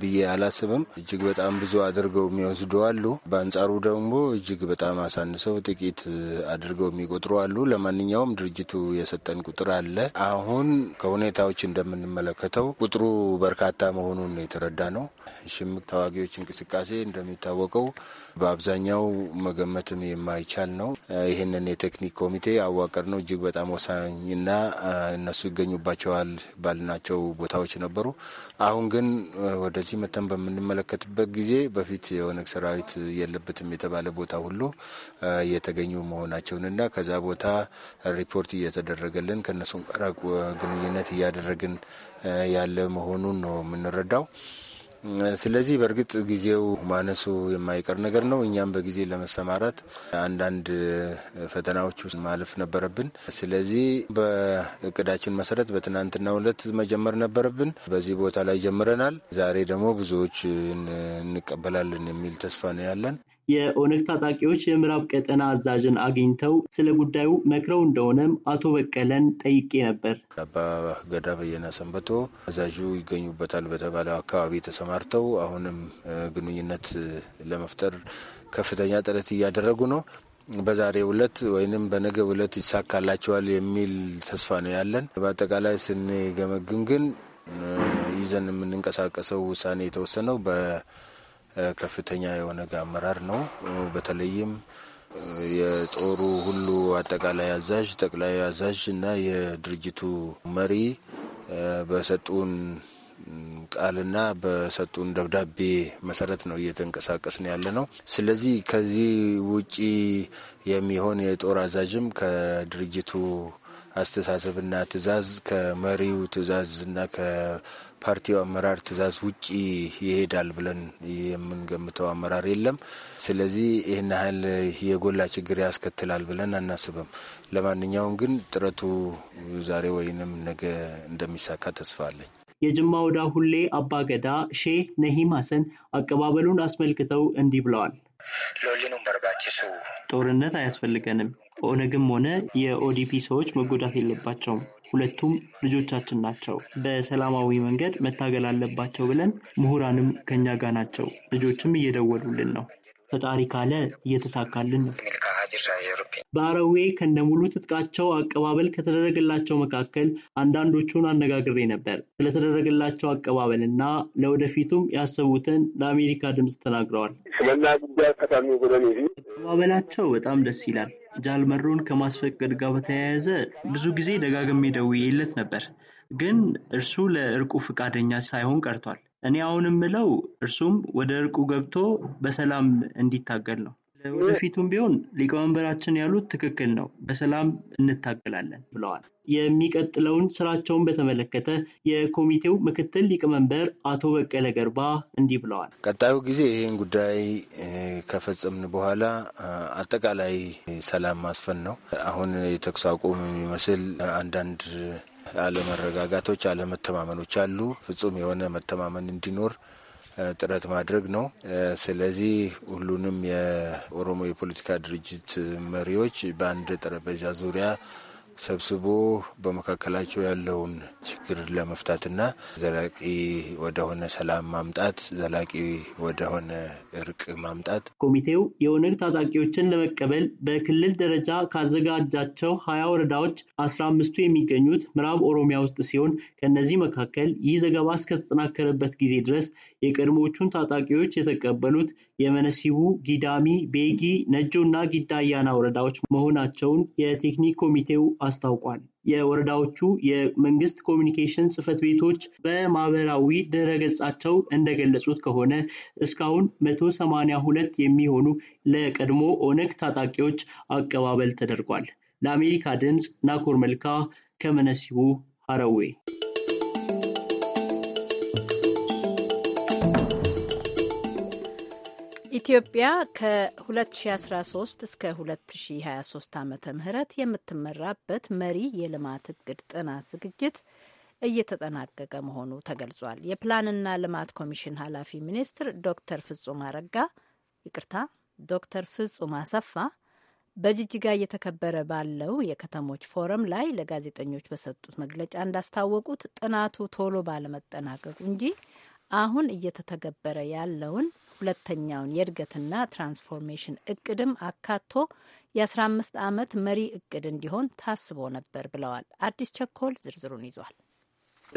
ብዬ አላስብም። እጅግ በጣም ብዙ አድርገው የሚወስዱ አሉ። በአንጻሩ ደግሞ እጅግ በጣም አሳንሰው ጥቂት አድርገው የሚቆጥሩ አሉ። ለማንኛውም ድርጅቱ የሰጠን ቁጥር አለ። አሁን ከሁኔታዎች እንደምንመለከተው ቁጥሩ በርካታ መሆኑን የተረዳ ነው። ሽምቅ ተዋጊዎች እንቅስቃሴ እንደሚታወቀው በአብዛኛው መገመትም የማይቻል ነው። ይህንን የቴክኒክ ኮሚቴ ማዋቀር ነው። እጅግ በጣም ወሳኝና እነሱ ይገኙባቸዋል ባልናቸው ቦታዎች ነበሩ። አሁን ግን ወደዚህ መተን በምንመለከትበት ጊዜ በፊት የኦነግ ሰራዊት የለበትም የተባለ ቦታ ሁሉ የተገኙ መሆናቸውንና ከዛ ቦታ ሪፖርት እየተደረገልን ከእነሱም ጋር ግንኙነት እያደረግን ያለ መሆኑን ነው የምንረዳው። ስለዚህ በእርግጥ ጊዜው ማነሱ የማይቀር ነገር ነው። እኛም በጊዜ ለመሰማራት አንዳንድ ፈተናዎች ውስጥ ማለፍ ነበረብን። ስለዚህ በእቅዳችን መሰረት በትናንትናው ዕለት መጀመር ነበረብን። በዚህ ቦታ ላይ ጀምረናል። ዛሬ ደግሞ ብዙዎች እንቀበላለን የሚል ተስፋ ነው ያለን። የኦነግ ታጣቂዎች የምዕራብ ቀጠና አዛዥን አግኝተው ስለ ጉዳዩ መክረው እንደሆነም አቶ በቀለን ጠይቄ ነበር። አባ ገዳ በየነ ሰንበቶ አዛዡ ይገኙበታል በተባለው አካባቢ ተሰማርተው አሁንም ግንኙነት ለመፍጠር ከፍተኛ ጥረት እያደረጉ ነው። በዛሬው ዕለት ወይንም በነገው ዕለት ይሳካላቸዋል የሚል ተስፋ ነው ያለን። በአጠቃላይ ስንገመግም ግን ይዘን የምንንቀሳቀሰው ውሳኔ የተወሰነው በ ከፍተኛ የሆነ አመራር ነው። በተለይም የጦሩ ሁሉ አጠቃላይ አዛዥ፣ ጠቅላይ አዛዥ እና የድርጅቱ መሪ በሰጡን ቃልና በሰጡን ደብዳቤ መሰረት ነው እየተንቀሳቀስን ያለ ነው። ስለዚህ ከዚህ ውጪ የሚሆን የጦር አዛዥም ከድርጅቱ አስተሳሰብና ትዕዛዝ ከመሪው ትዕዛዝና ከፓርቲው አመራር ትእዛዝ ውጭ ይሄዳል ብለን የምንገምተው አመራር የለም። ስለዚህ ይህን ያህል የጎላ ችግር ያስከትላል ብለን አናስብም። ለማንኛውም ግን ጥረቱ ዛሬ ወይንም ነገ እንደሚሳካ ተስፋ አለኝ። የጅማ ወዳ ሁሌ አባ ገዳ ሼህ ነሂም ሀሰን አቀባበሉን አስመልክተው እንዲህ ብለዋል። ሎሊኑም በርባችሱ ጦርነት አያስፈልገንም። ኦነግም ሆነ የኦዲፒ ሰዎች መጎዳት የለባቸውም። ሁለቱም ልጆቻችን ናቸው። በሰላማዊ መንገድ መታገል አለባቸው ብለን ምሁራንም ከኛ ጋር ናቸው። ልጆችም እየደወሉልን ነው። ፈጣሪ ካለ እየተሳካልን ነው። በአረዌ ከነሙሉ ትጥቃቸው አቀባበል ከተደረገላቸው መካከል አንዳንዶቹን አነጋግሬ ነበር። ስለተደረገላቸው አቀባበል እና ለወደፊቱም ያሰቡትን ለአሜሪካ ድምፅ ተናግረዋል። አቀባበላቸው በጣም ደስ ይላል። ጃልመሮን ከማስፈቀድ ጋር በተያያዘ ብዙ ጊዜ ደጋግሜ ደውዬለት ነበር፣ ግን እርሱ ለእርቁ ፈቃደኛ ሳይሆን ቀርቷል። እኔ አሁን የምለው እርሱም ወደ እርቁ ገብቶ በሰላም እንዲታገል ነው። ወደፊቱም ቢሆን ሊቀመንበራችን ያሉት ትክክል ነው፣ በሰላም እንታገላለን ብለዋል። የሚቀጥለውን ስራቸውን በተመለከተ የኮሚቴው ምክትል ሊቀመንበር አቶ በቀለ ገርባ እንዲህ ብለዋል። ቀጣዩ ጊዜ ይህን ጉዳይ ከፈጸምን በኋላ አጠቃላይ ሰላም ማስፈን ነው። አሁን የተኩስ አቁም የሚመስል አንዳንድ አለመረጋጋቶች፣ አለመተማመኖች አሉ። ፍጹም የሆነ መተማመን እንዲኖር ጥረት ማድረግ ነው። ስለዚህ ሁሉንም የኦሮሞ የፖለቲካ ድርጅት መሪዎች በአንድ ጠረጴዛ ዙሪያ ሰብስቦ በመካከላቸው ያለውን ችግር ለመፍታትና ዘላቂ ወደሆነ ሰላም ማምጣት፣ ዘላቂ ወደሆነ እርቅ ማምጣት። ኮሚቴው የኦነግ ታጣቂዎችን ለመቀበል በክልል ደረጃ ካዘጋጃቸው ሀያ ወረዳዎች አስራ አምስቱ የሚገኙት ምዕራብ ኦሮሚያ ውስጥ ሲሆን ከእነዚህ መካከል ይህ ዘገባ እስከተጠናከረበት ጊዜ ድረስ የቀድሞዎቹን ታጣቂዎች የተቀበሉት የመነሲቡ፣ ጊዳሚ፣ ቤጊ፣ ነጆ እና ጊዳያና ወረዳዎች መሆናቸውን የቴክኒክ ኮሚቴው አስታውቋል። የወረዳዎቹ የመንግስት ኮሚኒኬሽን ጽህፈት ቤቶች በማህበራዊ ድረገጻቸው እንደገለጹት ከሆነ እስካሁን 182 የሚሆኑ ለቀድሞ ኦነግ ታጣቂዎች አቀባበል ተደርጓል። ለአሜሪካ ድምፅ ናኮር መልካ ከመነሲቡ ሀረዌ ኢትዮጵያ ከ2013 እስከ 2023 ዓ ም የምትመራበት መሪ የልማት እቅድ ጥናት ዝግጅት እየተጠናቀቀ መሆኑ ተገልጿል። የፕላንና ልማት ኮሚሽን ኃላፊ ሚኒስትር ዶክተር ፍጹም አረጋ ይቅርታ፣ ዶክተር ፍጹም አሰፋ በጅጅጋ እየተከበረ ባለው የከተሞች ፎረም ላይ ለጋዜጠኞች በሰጡት መግለጫ እንዳስታወቁት ጥናቱ ቶሎ ባለመጠናቀቁ እንጂ አሁን እየተተገበረ ያለውን ሁለተኛውን የእድገትና ትራንስፎርሜሽን እቅድም አካቶ የ15 ዓመት መሪ እቅድ እንዲሆን ታስቦ ነበር ብለዋል። አዲስ ቸኮል ዝርዝሩን ይዟል።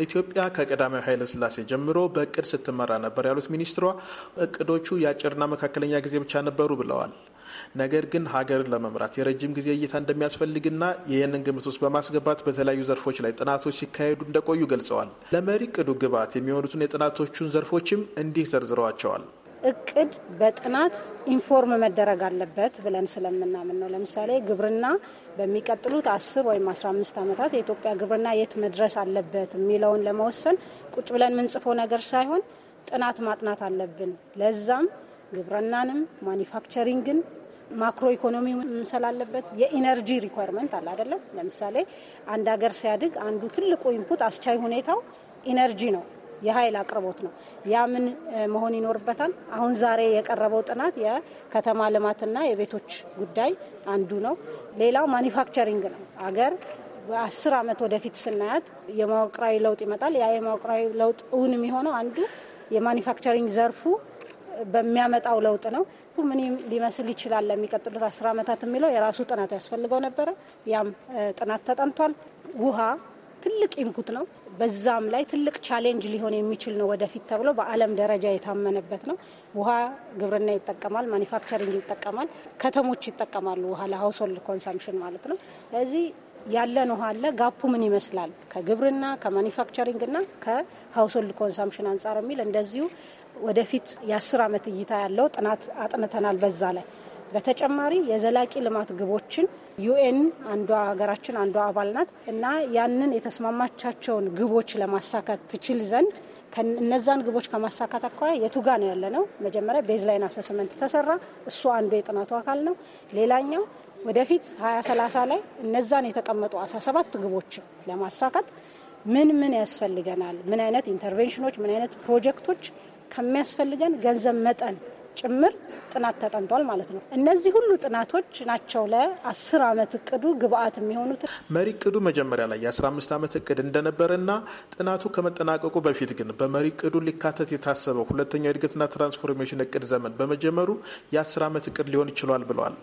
ኢትዮጵያ ከቀዳማዊ ኃይለ ስላሴ ጀምሮ በእቅድ ስትመራ ነበር ያሉት ሚኒስትሯ እቅዶቹ የአጭርና መካከለኛ ጊዜ ብቻ ነበሩ ብለዋል። ነገር ግን ሀገርን ለመምራት የረጅም ጊዜ እይታ እንደሚያስፈልግና ይህንን ግምት ውስጥ በማስገባት በተለያዩ ዘርፎች ላይ ጥናቶች ሲካሄዱ እንደቆዩ ገልጸዋል። ለመሪ ቅዱ ግብዓት የሚሆኑትን የጥናቶቹን ዘርፎችም እንዲህ ዘርዝረዋቸዋል። እቅድ በጥናት ኢንፎርም መደረግ አለበት ብለን ስለምናምን ነው። ለምሳሌ ግብርና በሚቀጥሉት አስር ወይም አስራ አምስት ዓመታት የኢትዮጵያ ግብርና የት መድረስ አለበት የሚለውን ለመወሰን ቁጭ ብለን የምንጽፈው ነገር ሳይሆን ጥናት ማጥናት አለብን። ለዛም ግብርናንም ማኒፋክቸሪንግን ማክሮ ኢኮኖሚ መምሰል አለበት። የኢነርጂ ሪኳርመንት አለ አይደለም። ለምሳሌ አንድ ሀገር ሲያድግ አንዱ ትልቁ ኢንፑት አስቻይ ሁኔታው ኢነርጂ ነው። የኃይል አቅርቦት ነው። ያ ምን መሆን ይኖርበታል? አሁን ዛሬ የቀረበው ጥናት የከተማ ልማትና የቤቶች ጉዳይ አንዱ ነው። ሌላው ማኒፋክቸሪንግ ነው። አገር በአስር ዓመት ወደፊት ስናያት የመዋቅራዊ ለውጥ ይመጣል። ያ የመዋቅራዊ ለውጥ እውን የሚሆነው አንዱ የማኒፋክቸሪንግ ዘርፉ በሚያመጣው ለውጥ ነው። ምን ሊመስል ይችላል ለሚቀጥሉት አስር ዓመታት የሚለው የራሱ ጥናት ያስፈልገው ነበረ። ያም ጥናት ተጠንቷል። ውሃ ትልቅ ኢንፑት ነው። በዛም ላይ ትልቅ ቻሌንጅ ሊሆን የሚችል ነው ወደፊት ተብሎ በዓለም ደረጃ የታመነበት ነው። ውሃ ግብርና ይጠቀማል፣ ማኒፋክቸሪንግ ይጠቀማል፣ ከተሞች ይጠቀማሉ ውሃ ለሀውስሆልድ ኮንሰምፕሽን ማለት ነው። ስለዚህ ያለን ውሃ አለ ጋፑ ምን ይመስላል ከግብርና ከማኒፋክቸሪንግ እና ከሀውስሆልድ ኮንሰምፕሽን አንጻር የሚል እንደዚሁ ወደፊት የአስር ዓመት እይታ ያለው ጥናት አጥንተናል በዛ ላይ በተጨማሪ የዘላቂ ልማት ግቦችን ዩኤን አንዷ ሀገራችን አንዷ አባል ናት እና ያንን የተስማማቻቸውን ግቦች ለማሳካት ትችል ዘንድ እነዛን ግቦች ከማሳካት አኳያ የቱጋ ነው ያለ ነው። መጀመሪያ ቤዝላይን አሰስመንት ተሰራ። እሱ አንዱ የጥናቱ አካል ነው። ሌላኛው ወደፊት 2030 ላይ እነዛን የተቀመጡ 17 ግቦች ለማሳካት ምን ምን ያስፈልገናል፣ ምን አይነት ኢንተርቬንሽኖች፣ ምን አይነት ፕሮጀክቶች ከሚያስፈልገን ገንዘብ መጠን ጭምር ጥናት ተጠንቷል ማለት ነው። እነዚህ ሁሉ ጥናቶች ናቸው ለአስር ዓመት እቅዱ ግብአት የሚሆኑት። መሪ እቅዱ መጀመሪያ ላይ የ15 ዓመት እቅድ እንደነበረና ጥናቱ ከመጠናቀቁ በፊት ግን በመሪ እቅዱ ሊካተት የታሰበው ሁለተኛው እድገትና ትራንስፎርሜሽን እቅድ ዘመን በመጀመሩ የ10 ዓመት እቅድ ሊሆን ይችሏል ብለዋል።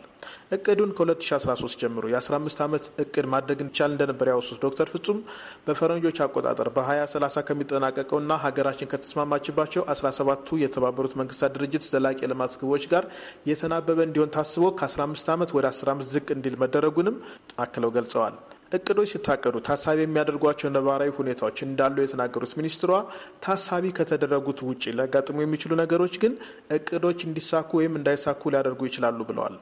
እቅዱን ከ2013 ጀምሮ የ15 ዓመት እቅድ ማድረግ ይቻል እንደነበር ያወሱት ዶክተር ፍጹም በፈረንጆች አቆጣጠር በ2030 ከሚጠናቀቀውና ሀገራችን ከተስማማችባቸው 17ቱ የተባበሩት መንግስታት ድርጅት ዘላቂ ልማት ግቦች ጋር የተናበበ እንዲሆን ታስቦ ከ15 ዓመት ወደ 15 ዝቅ እንዲል መደረጉንም አክለው ገልጸዋል። እቅዶች ሲታቀዱ ታሳቢ የሚያደርጓቸው ነባራዊ ሁኔታዎች እንዳሉ የተናገሩት ሚኒስትሯ ታሳቢ ከተደረጉት ውጭ ሊያጋጥሙ የሚችሉ ነገሮች ግን እቅዶች እንዲሳኩ ወይም እንዳይሳኩ ሊያደርጉ ይችላሉ ብለዋል።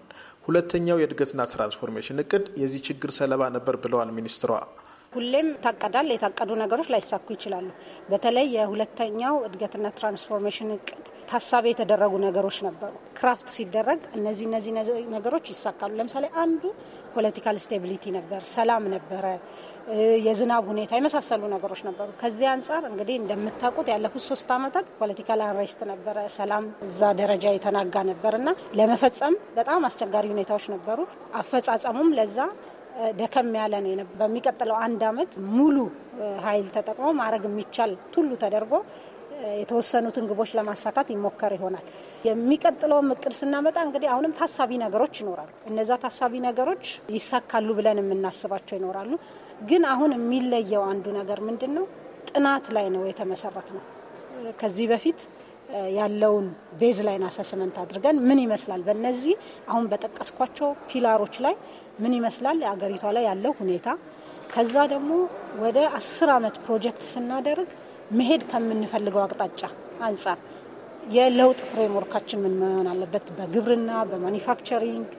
ሁለተኛው የእድገትና ትራንስፎርሜሽን እቅድ የዚህ ችግር ሰለባ ነበር ብለዋል ሚኒስትሯ። ሁሌም ይታቀዳል። የታቀዱ ነገሮች ላይሳኩ ይችላሉ። በተለይ የሁለተኛው እድገትና ትራንስፎርሜሽን እቅድ ታሳቢ የተደረጉ ነገሮች ነበሩ። ክራፍት ሲደረግ እነዚህ እነዚህ ነገሮች ይሳካሉ። ለምሳሌ አንዱ ፖለቲካል ስቴቢሊቲ ነበር፣ ሰላም ነበረ፣ የዝናብ ሁኔታ የመሳሰሉ ነገሮች ነበሩ። ከዚህ አንጻር እንግዲህ እንደምታውቁት ያለፉት ሶስት ዓመታት ፖለቲካል አንሬስት ነበረ፣ ሰላም እዛ ደረጃ የተናጋ ነበር እና ለመፈጸም በጣም አስቸጋሪ ሁኔታዎች ነበሩ። አፈጻጸሙም ለዛ ደከም ያለ ነው። በሚቀጥለው አንድ አመት ሙሉ ኃይል ተጠቅሞ ማድረግ የሚቻል ሁሉ ተደርጎ የተወሰኑትን ግቦች ለማሳካት ይሞከር ይሆናል። የሚቀጥለውን እቅድ ስናመጣ እንግዲህ አሁንም ታሳቢ ነገሮች ይኖራሉ። እነዛ ታሳቢ ነገሮች ይሳካሉ ብለን የምናስባቸው ይኖራሉ። ግን አሁን የሚለየው አንዱ ነገር ምንድን ነው? ጥናት ላይ ነው የተመሰረት ነው። ከዚህ በፊት ያለውን ቤዝ ላይን አሰስመንት አድርገን ምን ይመስላል፣ በእነዚህ አሁን በጠቀስኳቸው ፒላሮች ላይ ምን ይመስላል አገሪቷ ላይ ያለው ሁኔታ፣ ከዛ ደግሞ ወደ አስር አመት ፕሮጀክት ስናደርግ መሄድ ከምንፈልገው አቅጣጫ አንጻር የለውጥ ፍሬምወርካችን ምን መሆን አለበት፣ በግብርና፣ በማኒፋክቸሪንግ፣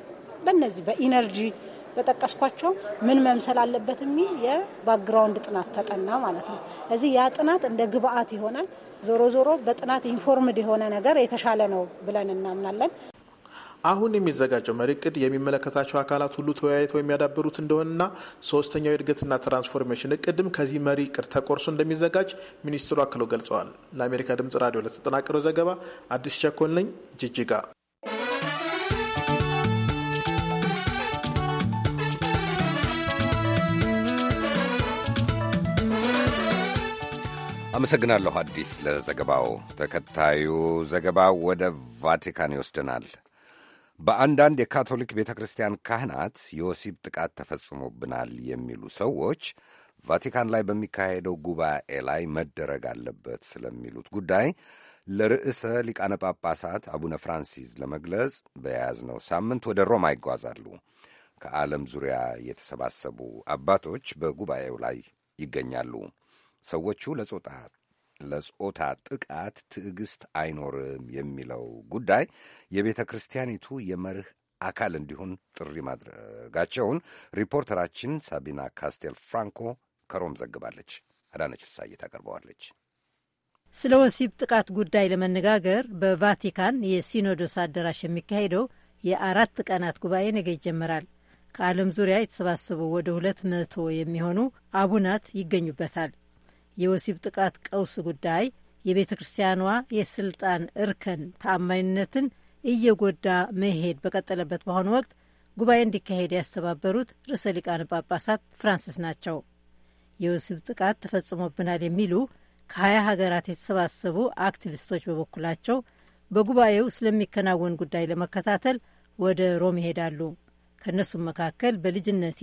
በእነዚህ በኢነርጂ በጠቀስኳቸው ምን መምሰል አለበት የሚል የባክግራውንድ ጥናት ተጠና ማለት ነው። ስለዚህ ያ ጥናት እንደ ግብአት ይሆናል። ዞሮ ዞሮ በጥናት ኢንፎርምድ የሆነ ነገር የተሻለ ነው ብለን እናምናለን። አሁን የሚዘጋጀው መሪ እቅድ የሚመለከታቸው አካላት ሁሉ ተወያይተው የሚያዳብሩት እንደሆነና ሶስተኛው የእድገትና ትራንስፎርሜሽን እቅድም ከዚህ መሪ እቅድ ተቆርሶ እንደሚዘጋጅ ሚኒስትሩ አክለው ገልጸዋል። ለአሜሪካ ድምጽ ራዲዮ ለተጠናቀረው ዘገባ አዲስ ቸኮል ነኝ ጅጅጋ አመሰግናለሁ አዲስ ለዘገባው። ተከታዩ ዘገባ ወደ ቫቲካን ይወስደናል። በአንዳንድ የካቶሊክ ቤተ ክርስቲያን ካህናት የወሲብ ጥቃት ተፈጽሞብናል የሚሉ ሰዎች ቫቲካን ላይ በሚካሄደው ጉባኤ ላይ መደረግ አለበት ስለሚሉት ጉዳይ ለርዕሰ ሊቃነ ጳጳሳት አቡነ ፍራንሲስ ለመግለጽ በያዝነው ሳምንት ወደ ሮማ ይጓዛሉ። ከዓለም ዙሪያ የተሰባሰቡ አባቶች በጉባኤው ላይ ይገኛሉ። ሰዎቹ ለጾታ ለጾታ ጥቃት ትዕግስት አይኖርም የሚለው ጉዳይ የቤተ ክርስቲያኒቱ የመርህ አካል እንዲሆን ጥሪ ማድረጋቸውን ሪፖርተራችን ሳቢና ካስቴል ፍራንኮ ከሮም ዘግባለች። አዳነች ፍሳዬ ታቀርበዋለች። ስለ ወሲብ ጥቃት ጉዳይ ለመነጋገር በቫቲካን የሲኖዶስ አዳራሽ የሚካሄደው የአራት ቀናት ጉባኤ ነገ ይጀመራል። ከዓለም ዙሪያ የተሰባሰቡ ወደ ሁለት መቶ የሚሆኑ አቡናት ይገኙበታል። የወሲብ ጥቃት ቀውስ ጉዳይ የቤተ ክርስቲያኗ የስልጣን እርከን ተአማኝነትን እየጎዳ መሄድ በቀጠለበት በአሁኑ ወቅት ጉባኤ እንዲካሄድ ያስተባበሩት ርዕሰ ሊቃነ ጳጳሳት ፍራንሲስ ናቸው። የወሲብ ጥቃት ተፈጽሞብናል የሚሉ ከሀያ ሀገራት የተሰባሰቡ አክቲቪስቶች በበኩላቸው በጉባኤው ስለሚከናወን ጉዳይ ለመከታተል ወደ ሮም ይሄዳሉ። ከእነሱም መካከል በልጅነቴ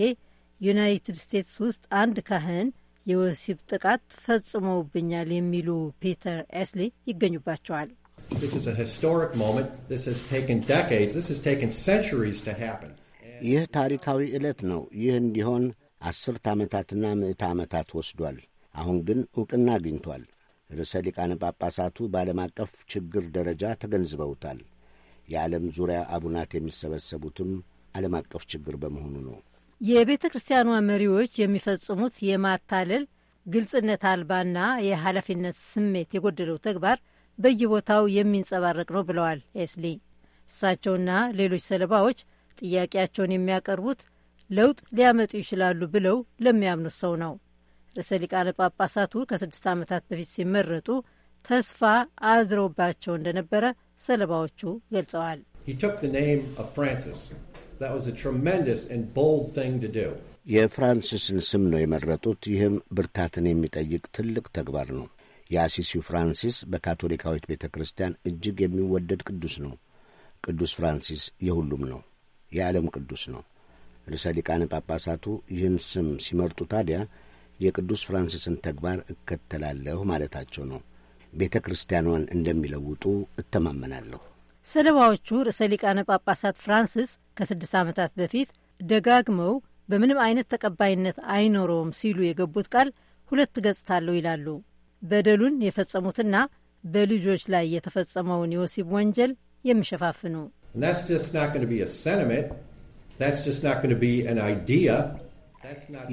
ዩናይትድ ስቴትስ ውስጥ አንድ ካህን የወሲብ ጥቃት ፈጽመውብኛል የሚሉ ፒተር ኤስሊ ይገኙባቸዋል። ይህ ታሪካዊ ዕለት ነው። ይህ እንዲሆን አስርት ዓመታትና ምዕተ ዓመታት ወስዷል። አሁን ግን ዕውቅና አግኝቷል። ርዕሰ ሊቃነ ጳጳሳቱ በዓለም አቀፍ ችግር ደረጃ ተገንዝበውታል። የዓለም ዙሪያ አቡናት የሚሰበሰቡትም ዓለም አቀፍ ችግር በመሆኑ ነው። የቤተ ክርስቲያኗ መሪዎች የሚፈጽሙት የማታለል ግልጽነት አልባና የኃላፊነት ስሜት የጎደለው ተግባር በየቦታው የሚንጸባረቅ ነው ብለዋል ኤስሊ። እሳቸውና ሌሎች ሰለባዎች ጥያቄያቸውን የሚያቀርቡት ለውጥ ሊያመጡ ይችላሉ ብለው ለሚያምኑት ሰው ነው። ርዕሰ ሊቃነ ጳጳሳቱ ከስድስት ዓመታት በፊት ሲመረጡ ተስፋ አድረውባቸው እንደነበረ ሰለባዎቹ ገልጸዋል። የፍራንሲስን ስም ነው የመረጡት። ይህም ብርታትን የሚጠይቅ ትልቅ ተግባር ነው። የአሲሲው ፍራንሲስ በካቶሊካዊት ቤተ ክርስቲያን እጅግ የሚወደድ ቅዱስ ነው። ቅዱስ ፍራንሲስ የሁሉም ነው፣ የዓለም ቅዱስ ነው። ርዕሰ ሊቃነ ጳጳሳቱ ይህን ስም ሲመርጡ ታዲያ የቅዱስ ፍራንሲስን ተግባር እከተላለሁ ማለታቸው ነው። ቤተ ክርስቲያኗን እንደሚለውጡ እተማመናለሁ። ሰለባዎቹ ርዕሰ ሊቃነ ጳጳሳት ፍራንሲስ ከስድስት ዓመታት በፊት ደጋግመው በምንም አይነት ተቀባይነት አይኖረውም ሲሉ የገቡት ቃል ሁለት ገጽታ አለው ይላሉ። በደሉን የፈጸሙትና በልጆች ላይ የተፈጸመውን የወሲብ ወንጀል የሚሸፋፍኑ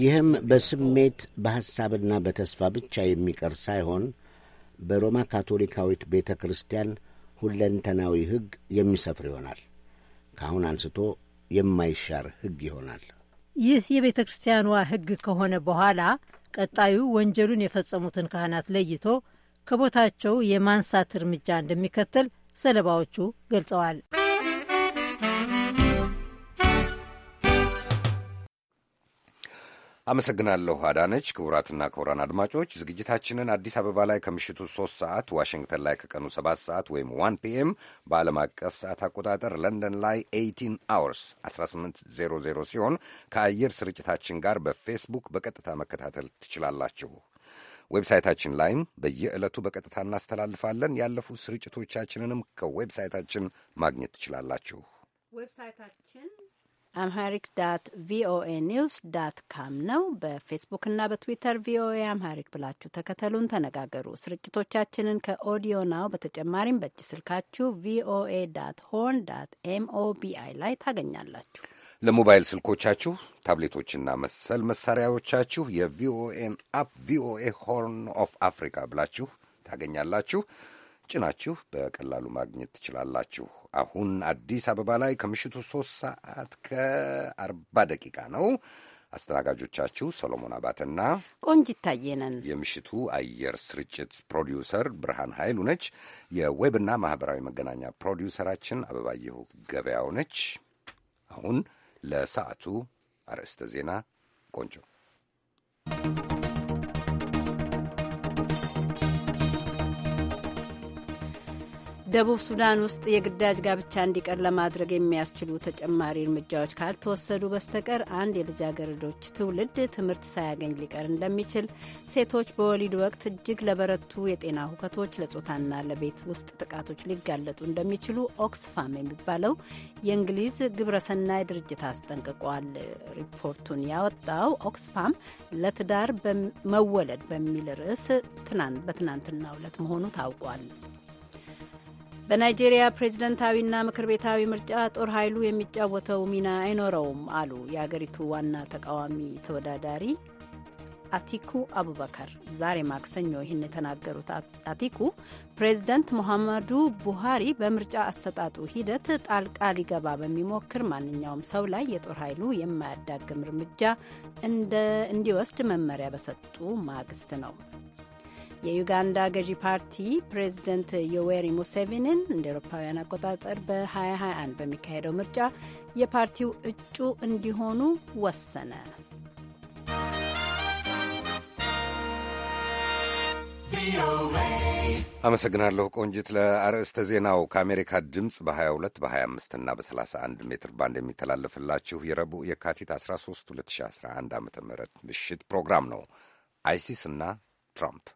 ይህም በስሜት በሐሳብና በተስፋ ብቻ የሚቀር ሳይሆን በሮማ ካቶሊካዊት ቤተ ክርስቲያን ሁለንተናዊ ሕግ የሚሰፍር ይሆናል። ከአሁን አንስቶ የማይሻር ሕግ ይሆናል። ይህ የቤተ ክርስቲያኗ ሕግ ከሆነ በኋላ ቀጣዩ ወንጀሉን የፈጸሙትን ካህናት ለይቶ ከቦታቸው የማንሳት እርምጃ እንደሚከተል ሰለባዎቹ ገልጸዋል። አመሰግናለሁ አዳነች። ክቡራትና ክቡራን አድማጮች ዝግጅታችንን አዲስ አበባ ላይ ከምሽቱ 3 ሰዓት ዋሽንግተን ላይ ከቀኑ 7 ሰዓት ወይም ዋን ፒኤም በዓለም አቀፍ ሰዓት አቆጣጠር ለንደን ላይ ኤይቲን አወርስ 1800 ሲሆን ከአየር ስርጭታችን ጋር በፌስቡክ በቀጥታ መከታተል ትችላላችሁ። ዌብሳይታችን ላይም በየዕለቱ በቀጥታ እናስተላልፋለን። ያለፉ ስርጭቶቻችንንም ከዌብሳይታችን ማግኘት ትችላላችሁ። ዌብሳይታችን አምሃሪክ ዳት ቪኦኤ ኒውስ ዳት ካም ነው። በፌስቡክና በትዊተር ቪኦኤ አምሃሪክ ብላችሁ ተከተሉን፣ ተነጋገሩ። ስርጭቶቻችንን ከኦዲዮ ናው በተጨማሪም በእጅ ስልካችሁ ቪኦኤ ዳት ሆን ዳት ኤምኦቢአይ ላይ ታገኛላችሁ። ለሞባይል ስልኮቻችሁ ታብሌቶችና መሰል መሳሪያዎቻችሁ የቪኦኤን አፕ ቪኦኤ ሆርን ኦፍ አፍሪካ ብላችሁ ታገኛላችሁ። ጭናችሁ በቀላሉ ማግኘት ትችላላችሁ። አሁን አዲስ አበባ ላይ ከምሽቱ ሶስት ሰዓት ከአርባ ደቂቃ ነው። አስተናጋጆቻችሁ ሰሎሞን አባተና ቆንጅ ታየ የምሽቱ አየር ስርጭት ፕሮዲውሰር ብርሃን ኃይሉ ነች። የዌብና ማህበራዊ መገናኛ ፕሮዲውሰራችን አበባየሁ ገበያው ነች። አሁን ለሰዓቱ አርዕስተ ዜና ቆንጆ ደቡብ ሱዳን ውስጥ የግዳጅ ጋብቻ እንዲቀር ለማድረግ የሚያስችሉ ተጨማሪ እርምጃዎች ካልተወሰዱ በስተቀር አንድ የልጃገረዶች ትውልድ ትምህርት ሳያገኝ ሊቀር እንደሚችል ሴቶች በወሊድ ወቅት እጅግ ለበረቱ የጤና ሁከቶች፣ ለጾታና ለቤት ውስጥ ጥቃቶች ሊጋለጡ እንደሚችሉ ኦክስፋም የሚባለው የእንግሊዝ ግብረሰናይ ድርጅት አስጠንቅቋል። ሪፖርቱን ያወጣው ኦክስፋም ለትዳር መወለድ በሚል ርዕስ በትናንትናው ዕለት መሆኑ ታውቋል። በናይጄሪያ ፕሬዝደንታዊና ምክር ቤታዊ ምርጫ ጦር ኃይሉ የሚጫወተው ሚና አይኖረውም አሉ የአገሪቱ ዋና ተቃዋሚ ተወዳዳሪ አቲኩ አቡበከር ዛሬ ማክሰኞ ይህን የተናገሩት አቲኩ ፕሬዝደንት ሙሐመዱ ቡሃሪ በምርጫ አሰጣጡ ሂደት ጣልቃ ሊገባ በሚሞክር ማንኛውም ሰው ላይ የጦር ኃይሉ የማያዳግም እርምጃ እንዲወስድ መመሪያ በሰጡ ማግስት ነው። የዩጋንዳ ገዢ ፓርቲ ፕሬዚደንት ዮዌሪ ሙሴቪኒን እንደ ኤሮፓውያን አቆጣጠር በ2021 በሚካሄደው ምርጫ የፓርቲው እጩ እንዲሆኑ ወሰነ። አመሰግናለሁ ቆንጂት። ለአርዕስተ ዜናው ከአሜሪካ ድምፅ በ22 በ25 እና በ31 ሜትር ባንድ የሚተላለፍላችሁ የረቡዕ የካቲት 13 2011 ዓ ም ምሽት ፕሮግራም ነው። አይሲስ እና ትራምፕ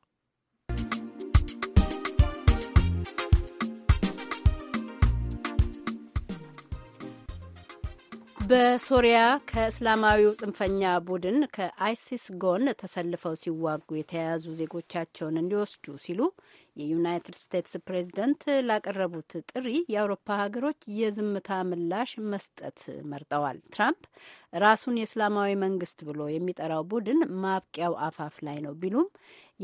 በሶሪያ ከእስላማዊው ጽንፈኛ ቡድን ከአይሲስ ጎን ተሰልፈው ሲዋጉ የተያያዙ ዜጎቻቸውን እንዲወስዱ ሲሉ የዩናይትድ ስቴትስ ፕሬዝደንት ላቀረቡት ጥሪ የአውሮፓ ሀገሮች የዝምታ ምላሽ መስጠት መርጠዋል። ትራምፕ ራሱን የእስላማዊ መንግስት ብሎ የሚጠራው ቡድን ማብቂያው አፋፍ ላይ ነው ቢሉም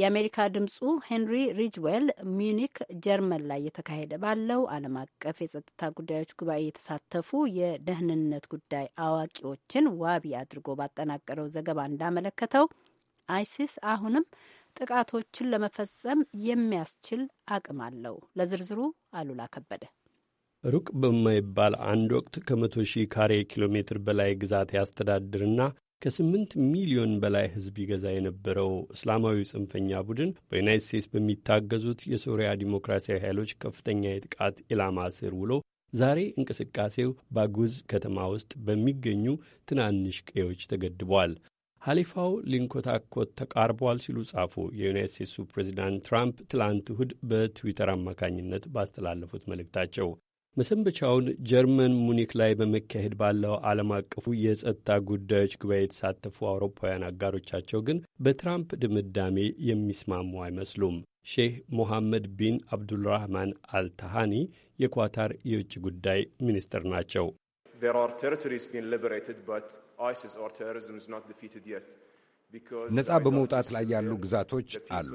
የአሜሪካ ድምፁ ሄንሪ ሪጅዌል ሚኒክ ጀርመን ላይ የተካሄደ ባለው ዓለም አቀፍ የጸጥታ ጉዳዮች ጉባኤ የተሳተፉ የደህንነት ጉዳይ አዋቂዎችን ዋቢ አድርጎ ባጠናቀረው ዘገባ እንዳመለከተው አይሲስ አሁንም ጥቃቶችን ለመፈጸም የሚያስችል አቅም አለው። ለዝርዝሩ አሉላ ከበደ ሩቅ በማይባል አንድ ወቅት ከመቶ ሺህ ካሬ ኪሎ ሜትር በላይ ግዛት ያስተዳድርና ከስምንት ሚሊዮን በላይ ሕዝብ ይገዛ የነበረው እስላማዊ ጽንፈኛ ቡድን በዩናይት ስቴትስ በሚታገዙት የሶሪያ ዲሞክራሲያዊ ኃይሎች ከፍተኛ የጥቃት ኢላማ ስር ውሎ ዛሬ እንቅስቃሴው ባጉዝ ከተማ ውስጥ በሚገኙ ትናንሽ ቀዮች ተገድቧል። ሀሊፋው ሊንኮታኮት ተቃርቧል ሲሉ ጻፉ። የዩናይት ስቴትሱ ፕሬዚዳንት ትራምፕ ትላንት እሁድ በትዊተር አማካኝነት ባስተላለፉት መልእክታቸው መሰንበቻውን ጀርመን ሙኒክ ላይ በመካሄድ ባለው ዓለም አቀፉ የጸጥታ ጉዳዮች ጉባኤ የተሳተፉ አውሮፓውያን አጋሮቻቸው ግን በትራምፕ ድምዳሜ የሚስማሙ አይመስሉም። ሼህ ሞሐመድ ቢን አብዱልራህማን አልታሃኒ የኳታር የውጭ ጉዳይ ሚኒስትር ናቸው። ነፃ በመውጣት ላይ ያሉ ግዛቶች አሉ።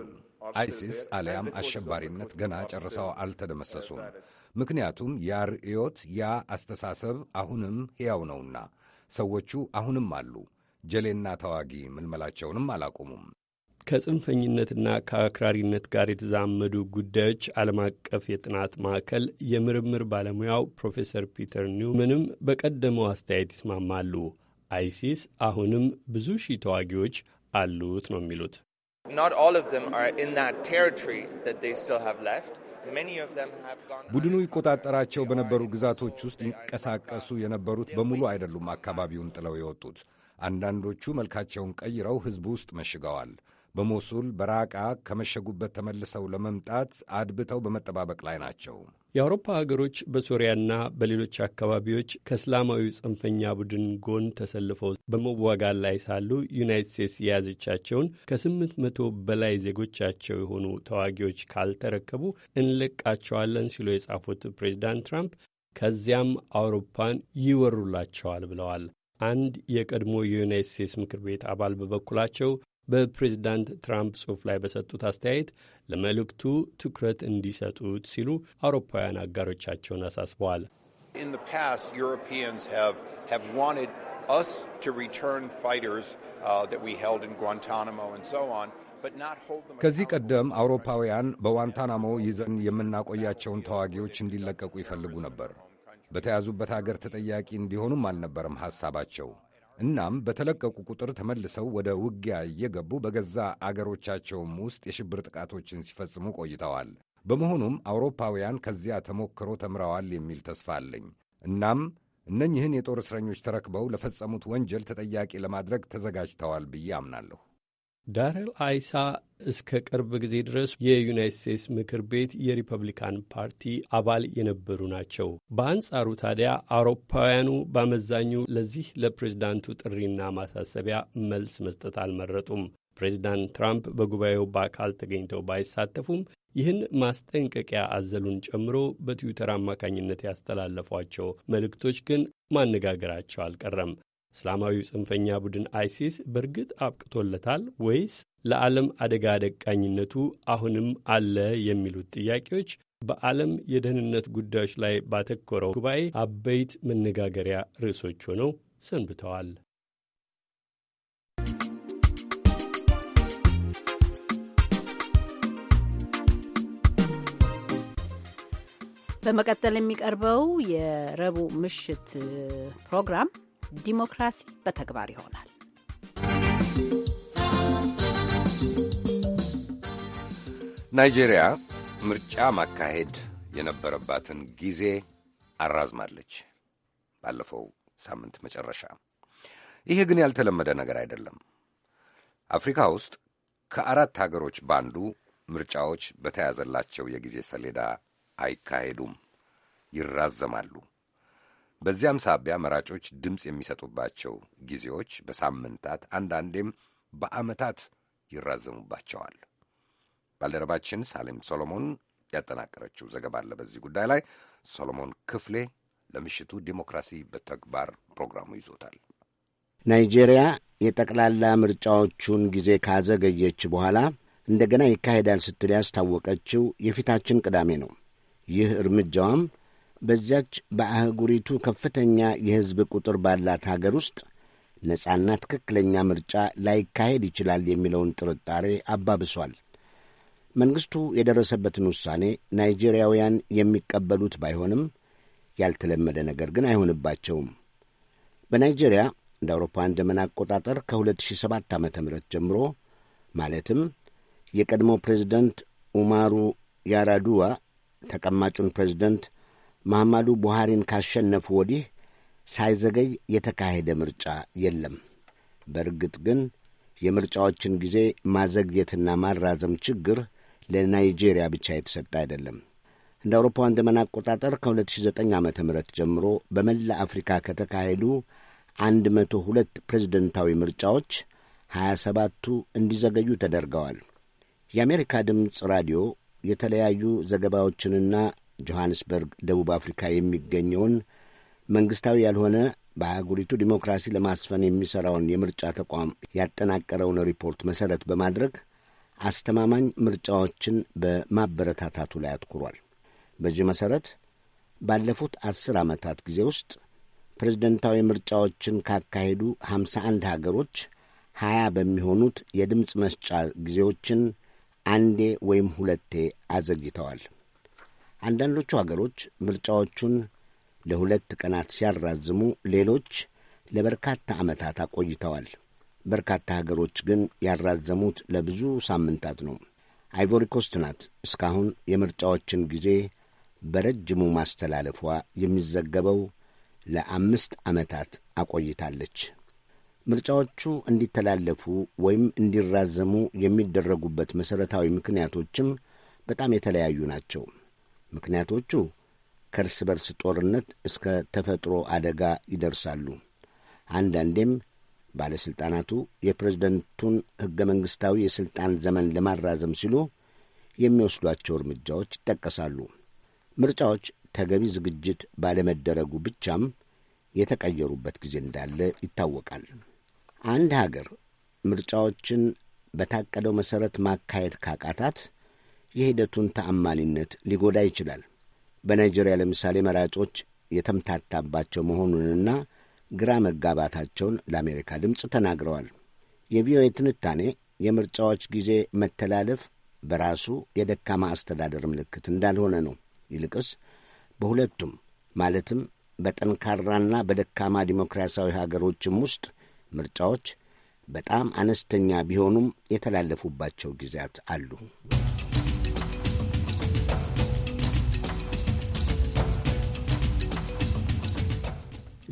አይሲስ አሊያም አሸባሪነት ገና ጨርሰው አልተደመሰሱም። ምክንያቱም ያ ርዕዮት፣ ያ አስተሳሰብ አሁንም ሕያው ነውና ሰዎቹ አሁንም አሉ። ጀሌና ተዋጊ ምልመላቸውንም አላቆሙም። ከጽንፈኝነትና ከአክራሪነት ጋር የተዛመዱ ጉዳዮች ዓለም አቀፍ የጥናት ማዕከል የምርምር ባለሙያው ፕሮፌሰር ፒተር ኒውመንም በቀደመው አስተያየት ይስማማሉ። አይሲስ አሁንም ብዙ ሺህ ተዋጊዎች አሉት ነው የሚሉት። ቡድኑ ይቆጣጠራቸው በነበሩ ግዛቶች ውስጥ ይንቀሳቀሱ የነበሩት በሙሉ አይደሉም አካባቢውን ጥለው የወጡት። አንዳንዶቹ መልካቸውን ቀይረው ሕዝቡ ውስጥ መሽገዋል። በሞሱል በራቃ ከመሸጉበት ተመልሰው ለመምጣት አድብተው በመጠባበቅ ላይ ናቸው። የአውሮፓ ሀገሮች በሶሪያና በሌሎች አካባቢዎች ከእስላማዊ ጽንፈኛ ቡድን ጎን ተሰልፈው በመዋጋት ላይ ሳሉ ዩናይት ስቴትስ የያዘቻቸውን ከስምንት መቶ በላይ ዜጎቻቸው የሆኑ ተዋጊዎች ካልተረከቡ እንለቃቸዋለን ሲሉ የጻፉት ፕሬዚዳንት ትራምፕ ከዚያም አውሮፓን ይወሩላቸዋል ብለዋል። አንድ የቀድሞ የዩናይት ስቴትስ ምክር ቤት አባል በበኩላቸው በፕሬዚዳንት ትራምፕ ጽሑፍ ላይ በሰጡት አስተያየት ለመልእክቱ ትኩረት እንዲሰጡት ሲሉ አውሮፓውያን አጋሮቻቸውን አሳስበዋል። ከዚህ ቀደም አውሮፓውያን በጓንታናሞ ይዘን የምናቆያቸውን ተዋጊዎች እንዲለቀቁ ይፈልጉ ነበር። በተያዙበት አገር ተጠያቂ እንዲሆኑም አልነበረም ሐሳባቸው። እናም በተለቀቁ ቁጥር ተመልሰው ወደ ውጊያ እየገቡ በገዛ አገሮቻቸውም ውስጥ የሽብር ጥቃቶችን ሲፈጽሙ ቆይተዋል። በመሆኑም አውሮፓውያን ከዚያ ተሞክሮ ተምረዋል የሚል ተስፋ አለኝ። እናም እነኝህን የጦር እስረኞች ተረክበው ለፈጸሙት ወንጀል ተጠያቂ ለማድረግ ተዘጋጅተዋል ብዬ አምናለሁ። ዳርል አይሳ እስከ ቅርብ ጊዜ ድረስ የዩናይት ስቴትስ ምክር ቤት የሪፐብሊካን ፓርቲ አባል የነበሩ ናቸው። በአንጻሩ ታዲያ አውሮፓውያኑ በአመዛኙ ለዚህ ለፕሬዝዳንቱ ጥሪና ማሳሰቢያ መልስ መስጠት አልመረጡም። ፕሬዚዳንት ትራምፕ በጉባኤው በአካል ተገኝተው ባይሳተፉም ይህን ማስጠንቀቂያ አዘሉን ጨምሮ በትዊተር አማካኝነት ያስተላለፏቸው መልእክቶች ግን ማነጋገራቸው አልቀረም። እስላማዊው ጽንፈኛ ቡድን አይሲስ በእርግጥ አብቅቶለታል ወይስ ለዓለም አደጋ ደቃኝነቱ አሁንም አለ የሚሉት ጥያቄዎች በዓለም የደህንነት ጉዳዮች ላይ ባተኮረው ጉባኤ አበይት መነጋገሪያ ርዕሶች ሆነው ሰንብተዋል። በመቀጠል የሚቀርበው የረቡዕ ምሽት ፕሮግራም ዲሞክራሲ በተግባር ይሆናል። ናይጄሪያ ምርጫ ማካሄድ የነበረባትን ጊዜ አራዝማለች ባለፈው ሳምንት መጨረሻ። ይሄ ግን ያልተለመደ ነገር አይደለም። አፍሪካ ውስጥ ከአራት ሀገሮች ባንዱ ምርጫዎች በተያዘላቸው የጊዜ ሰሌዳ አይካሄዱም፣ ይራዘማሉ። በዚያም ሳቢያ መራጮች ድምፅ የሚሰጡባቸው ጊዜዎች በሳምንታት አንዳንዴም በዓመታት ይራዘሙባቸዋል። ባልደረባችን ሳሌም ሶሎሞን ያጠናቀረችው ዘገባ አለ በዚህ ጉዳይ ላይ። ሶሎሞን ክፍሌ ለምሽቱ ዲሞክራሲ በተግባር ፕሮግራሙ ይዞታል። ናይጄሪያ የጠቅላላ ምርጫዎቹን ጊዜ ካዘገየች በኋላ እንደገና ይካሄዳል ስትል ያስታወቀችው የፊታችን ቅዳሜ ነው። ይህ እርምጃዋም በዚያች በአህጉሪቱ ከፍተኛ የሕዝብ ቁጥር ባላት ሀገር ውስጥ ነጻና ትክክለኛ ምርጫ ላይካሄድ ይችላል የሚለውን ጥርጣሬ አባብሷል። መንግሥቱ የደረሰበትን ውሳኔ ናይጄሪያውያን የሚቀበሉት ባይሆንም ያልተለመደ ነገር ግን አይሆንባቸውም። በናይጄሪያ እንደ አውሮፓውያን ዘመን አቆጣጠር ከ2007 ዓ ም ጀምሮ ማለትም የቀድሞ ፕሬዚደንት ኡማሩ ያራዱዋ ተቀማጩን ፕሬዚደንት መሐማዱ ቡሃሪን ካሸነፉ ወዲህ ሳይዘገይ የተካሄደ ምርጫ የለም። በእርግጥ ግን የምርጫዎችን ጊዜ ማዘግየትና ማራዘም ችግር ለናይጄሪያ ብቻ የተሰጠ አይደለም። እንደ አውሮፓውያን ዘመን አቆጣጠር ከ2009 ዓ ም ጀምሮ በመላ አፍሪካ ከተካሄዱ 102 ፕሬዝደንታዊ ምርጫዎች 27ቱ እንዲዘገዩ ተደርገዋል። የአሜሪካ ድምፅ ራዲዮ የተለያዩ ዘገባዎችንና ጆሐንስበርግ ደቡብ አፍሪካ የሚገኘውን መንግሥታዊ ያልሆነ በአህጉሪቱ ዲሞክራሲ ለማስፈን የሚሠራውን የምርጫ ተቋም ያጠናቀረውን ሪፖርት መሠረት በማድረግ አስተማማኝ ምርጫዎችን በማበረታታቱ ላይ አትኩሯል። በዚህ መሠረት ባለፉት አስር ዓመታት ጊዜ ውስጥ ፕሬዝደንታዊ ምርጫዎችን ካካሄዱ ሀምሳ አንድ ሀገሮች ሀያ በሚሆኑት የድምፅ መስጫ ጊዜዎችን አንዴ ወይም ሁለቴ አዘግይተዋል። አንዳንዶቹ አገሮች ምርጫዎቹን ለሁለት ቀናት ሲያራዝሙ፣ ሌሎች ለበርካታ ዓመታት አቆይተዋል። በርካታ ሀገሮች ግን ያራዘሙት ለብዙ ሳምንታት ነው። አይቮሪኮስት ናት እስካሁን የምርጫዎችን ጊዜ በረጅሙ ማስተላለፏ የሚዘገበው ለአምስት ዓመታት አቆይታለች። ምርጫዎቹ እንዲተላለፉ ወይም እንዲራዘሙ የሚደረጉበት መሠረታዊ ምክንያቶችም በጣም የተለያዩ ናቸው። ምክንያቶቹ ከእርስ በርስ ጦርነት እስከ ተፈጥሮ አደጋ ይደርሳሉ። አንዳንዴም ባለሥልጣናቱ የፕሬዝደንቱን ሕገ መንግሥታዊ የሥልጣን ዘመን ለማራዘም ሲሉ የሚወስዷቸው እርምጃዎች ይጠቀሳሉ። ምርጫዎች ተገቢ ዝግጅት ባለመደረጉ ብቻም የተቀየሩበት ጊዜ እንዳለ ይታወቃል። አንድ ሀገር ምርጫዎችን በታቀደው መሠረት ማካሄድ ካቃታት የሂደቱን ተአማኒነት ሊጎዳ ይችላል። በናይጄሪያ ለምሳሌ መራጮች የተምታታባቸው መሆኑንና ግራ መጋባታቸውን ለአሜሪካ ድምፅ ተናግረዋል። የቪኦኤ ትንታኔ የምርጫዎች ጊዜ መተላለፍ በራሱ የደካማ አስተዳደር ምልክት እንዳልሆነ ነው። ይልቅስ በሁለቱም ማለትም በጠንካራና በደካማ ዲሞክራሲያዊ ሀገሮችም ውስጥ ምርጫዎች በጣም አነስተኛ ቢሆኑም የተላለፉባቸው ጊዜያት አሉ።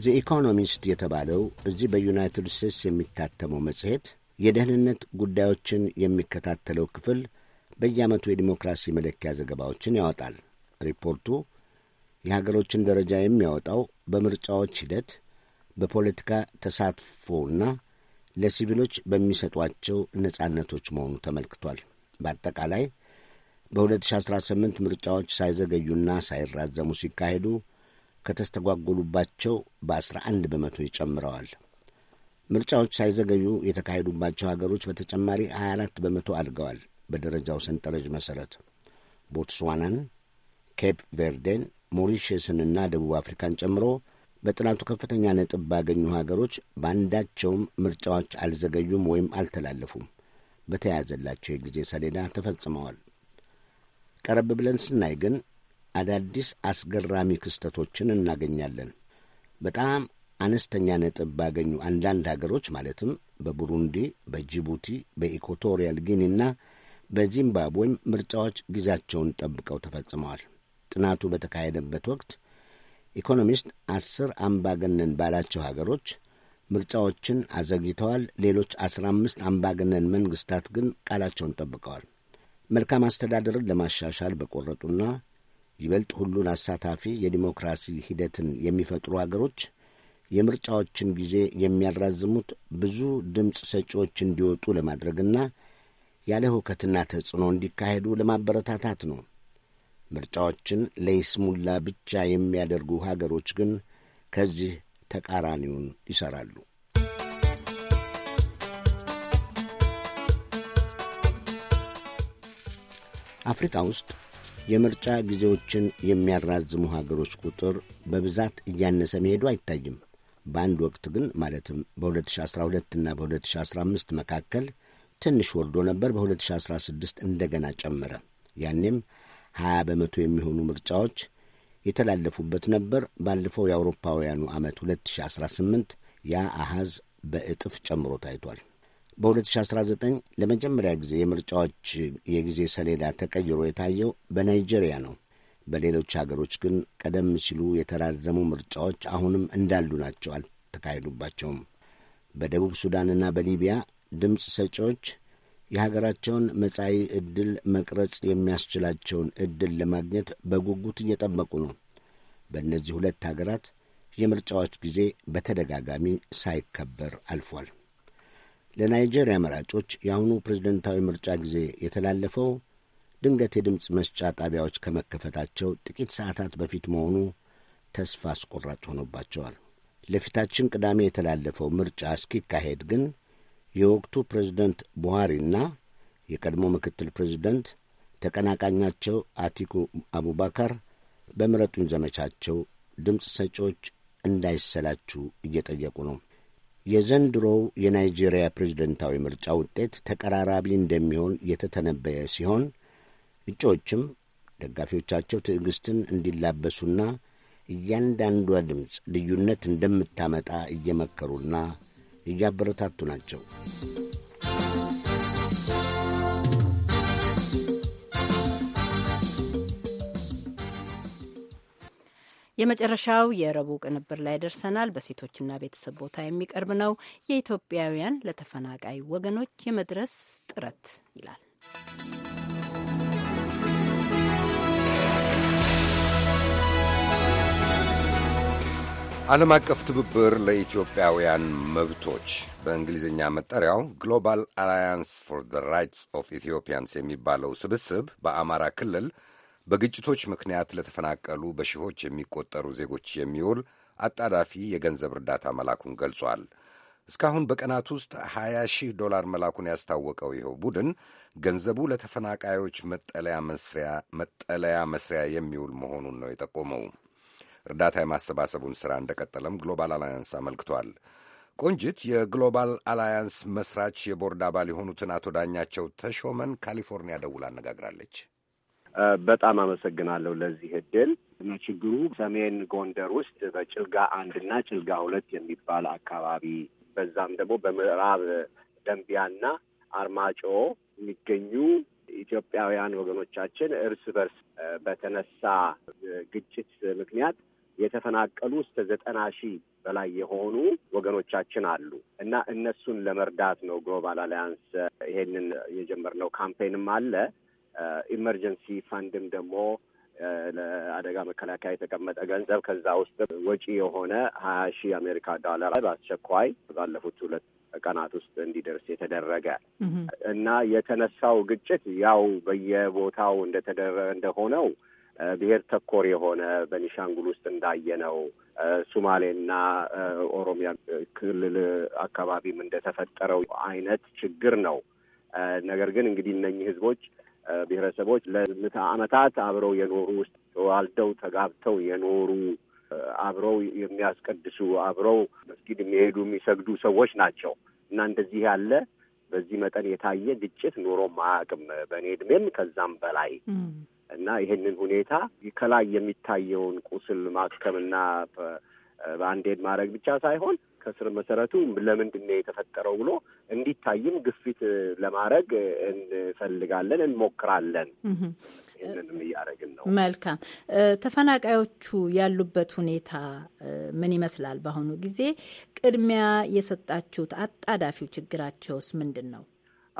ዘኢኮኖሚስት ኢኮኖሚስት የተባለው እዚህ በዩናይትድ ስቴትስ የሚታተመው መጽሔት የደህንነት ጉዳዮችን የሚከታተለው ክፍል በየዓመቱ የዲሞክራሲ መለኪያ ዘገባዎችን ያወጣል። ሪፖርቱ የሀገሮችን ደረጃ የሚያወጣው በምርጫዎች ሂደት በፖለቲካ ተሳትፎና ለሲቪሎች በሚሰጧቸው ነጻነቶች መሆኑ ተመልክቷል። በአጠቃላይ በ2018 ምርጫዎች ሳይዘገዩና ሳይራዘሙ ሲካሄዱ ከተስተጓጎሉባቸው በ11 በመቶ ይጨምረዋል። ምርጫዎች ሳይዘገዩ የተካሄዱባቸው ሀገሮች በተጨማሪ 24 በመቶ አድገዋል። በደረጃው ሰንጠረዥ መሠረት ቦትስዋናን፣ ኬፕ ቬርዴን፣ ሞሪሼስንና ደቡብ አፍሪካን ጨምሮ በጥናቱ ከፍተኛ ነጥብ ባገኙ ሀገሮች በአንዳቸውም ምርጫዎች አልዘገዩም ወይም አልተላለፉም። በተያያዘላቸው የጊዜ ሰሌዳ ተፈጽመዋል። ቀረብ ብለን ስናይ ግን አዳዲስ አስገራሚ ክስተቶችን እናገኛለን። በጣም አነስተኛ ነጥብ ባገኙ አንዳንድ ሀገሮች ማለትም በቡሩንዲ፣ በጅቡቲ፣ በኢኳቶሪያል ጊኒና በዚምባብዌም ምርጫዎች ጊዜያቸውን ጠብቀው ተፈጽመዋል። ጥናቱ በተካሄደበት ወቅት ኢኮኖሚስት አስር አምባገነን ባላቸው ሀገሮች ምርጫዎችን አዘግይተዋል። ሌሎች አስራ አምስት አምባገነን መንግስታት ግን ቃላቸውን ጠብቀዋል። መልካም አስተዳደርን ለማሻሻል በቆረጡና ይበልጥ ሁሉን አሳታፊ የዲሞክራሲ ሂደትን የሚፈጥሩ አገሮች የምርጫዎችን ጊዜ የሚያራዝሙት ብዙ ድምፅ ሰጪዎች እንዲወጡ ለማድረግና ያለ ሁከትና ተጽዕኖ እንዲካሄዱ ለማበረታታት ነው። ምርጫዎችን ለይስሙላ ብቻ የሚያደርጉ ሀገሮች ግን ከዚህ ተቃራኒውን ይሠራሉ። አፍሪካ ውስጥ የምርጫ ጊዜዎችን የሚያራዝሙ ሀገሮች ቁጥር በብዛት እያነሰ መሄዱ አይታይም። በአንድ ወቅት ግን ማለትም በ2012 እና በ2015 መካከል ትንሽ ወርዶ ነበር። በ2016 እንደገና ጨመረ። ያኔም 20 በመቶ የሚሆኑ ምርጫዎች የተላለፉበት ነበር። ባለፈው የአውሮፓውያኑ ዓመት 2018 ያ አሃዝ በእጥፍ ጨምሮ ታይቷል። በ2019 ለመጀመሪያ ጊዜ የምርጫዎች የጊዜ ሰሌዳ ተቀይሮ የታየው በናይጄሪያ ነው። በሌሎች ሀገሮች ግን ቀደም ሲሉ የተራዘሙ ምርጫዎች አሁንም እንዳሉ ናቸው፣ አልተካሄዱባቸውም። በደቡብ ሱዳንና በሊቢያ ድምፅ ሰጪዎች የሀገራቸውን መጻኢ ዕድል መቅረጽ የሚያስችላቸውን ዕድል ለማግኘት በጉጉት እየጠበቁ ነው። በእነዚህ ሁለት ሀገራት የምርጫዎች ጊዜ በተደጋጋሚ ሳይከበር አልፏል። ለናይጄሪያ መራጮች የአሁኑ ፕሬዝደንታዊ ምርጫ ጊዜ የተላለፈው ድንገት የድምፅ መስጫ ጣቢያዎች ከመከፈታቸው ጥቂት ሰዓታት በፊት መሆኑ ተስፋ አስቆራጭ ሆኖባቸዋል። ለፊታችን ቅዳሜ የተላለፈው ምርጫ እስኪካሄድ ግን የወቅቱ ፕሬዝደንት ቡሃሪና የቀድሞ ምክትል ፕሬዝደንት ተቀናቃኛቸው አቲኩ አቡባካር በምረጡኝ ዘመቻቸው ድምፅ ሰጪዎች እንዳይሰላችሁ እየጠየቁ ነው። የዘንድሮው የናይጄሪያ ፕሬዝደንታዊ ምርጫ ውጤት ተቀራራቢ እንደሚሆን የተተነበየ ሲሆን እጩዎችም ደጋፊዎቻቸው ትዕግስትን እንዲላበሱና እያንዳንዷ ድምፅ ልዩነት እንደምታመጣ እየመከሩና እያበረታቱ ናቸው። የመጨረሻው የረቡዕ ቅንብር ላይ ደርሰናል። በሴቶችና ቤተሰብ ቦታ የሚቀርብ ነው። የኢትዮጵያውያን ለተፈናቃይ ወገኖች የመድረስ ጥረት ይላል። ዓለም አቀፍ ትብብር ለኢትዮጵያውያን መብቶች በእንግሊዝኛ መጠሪያው ግሎባል አላያንስ ፎር ዘ ራይትስ ኦፍ ኢትዮጵያንስ የሚባለው ስብስብ በአማራ ክልል በግጭቶች ምክንያት ለተፈናቀሉ በሺዎች የሚቆጠሩ ዜጎች የሚውል አጣዳፊ የገንዘብ እርዳታ መላኩን ገልጿል። እስካሁን በቀናት ውስጥ 20 ሺህ ዶላር መላኩን ያስታወቀው ይኸው ቡድን ገንዘቡ ለተፈናቃዮች መጠለያ መስሪያ የሚውል መሆኑን ነው የጠቆመው። እርዳታ የማሰባሰቡን ሥራ እንደቀጠለም ግሎባል አላያንስ አመልክቷል። ቆንጅት የግሎባል አላያንስ መስራች የቦርድ አባል የሆኑትን አቶ ዳኛቸው ተሾመን ካሊፎርኒያ ደውላ አነጋግራለች። በጣም አመሰግናለሁ ለዚህ እድል። ችግሩ ሰሜን ጎንደር ውስጥ በጭልጋ አንድና ጭልጋ ሁለት የሚባል አካባቢ በዛም ደግሞ በምዕራብ ደንቢያና አርማጮ የሚገኙ ኢትዮጵያውያን ወገኖቻችን እርስ በርስ በተነሳ ግጭት ምክንያት የተፈናቀሉ እስከ ዘጠና ሺህ በላይ የሆኑ ወገኖቻችን አሉ እና እነሱን ለመርዳት ነው ግሎባል አሊያንስ ይሄንን የጀመርነው ካምፔንም አለ ኢመርጀንሲ ፋንድም ደግሞ ለአደጋ መከላከያ የተቀመጠ ገንዘብ ከዛ ውስጥ ወጪ የሆነ ሀያ ሺህ አሜሪካ ዶላር በአስቸኳይ ባለፉት ሁለት ቀናት ውስጥ እንዲደርስ የተደረገ እና የተነሳው ግጭት ያው በየቦታው እንደተደረ እንደሆነው ብሔር ተኮር የሆነ በኒሻንጉል ውስጥ እንዳየነው ሱማሌና ኦሮሚያ ክልል አካባቢም እንደተፈጠረው አይነት ችግር ነው። ነገር ግን እንግዲህ እነኚህ ህዝቦች ብሔረሰቦች ለምት ዓመታት አብረው የኖሩ ውስጥ ተዋልደው ተጋብተው የኖሩ አብረው የሚያስቀድሱ አብረው መስጊድ የሚሄዱ የሚሰግዱ ሰዎች ናቸው እና እንደዚህ ያለ በዚህ መጠን የታየ ግጭት ኑሮ ማያቅም በእኔ እድሜም ከዛም በላይ እና ይህንን ሁኔታ ከላይ የሚታየውን ቁስል ማከምና በአንዴድ ማድረግ ብቻ ሳይሆን ከስር መሰረቱ ለምንድን ነው የተፈጠረው ብሎ እንዲታይም ግፊት ለማድረግ እንፈልጋለን፣ እንሞክራለን። ይህንንም እያደረግን ነው። መልካም። ተፈናቃዮቹ ያሉበት ሁኔታ ምን ይመስላል? በአሁኑ ጊዜ ቅድሚያ የሰጣችሁት አጣዳፊው ችግራቸውስ ምንድን ነው?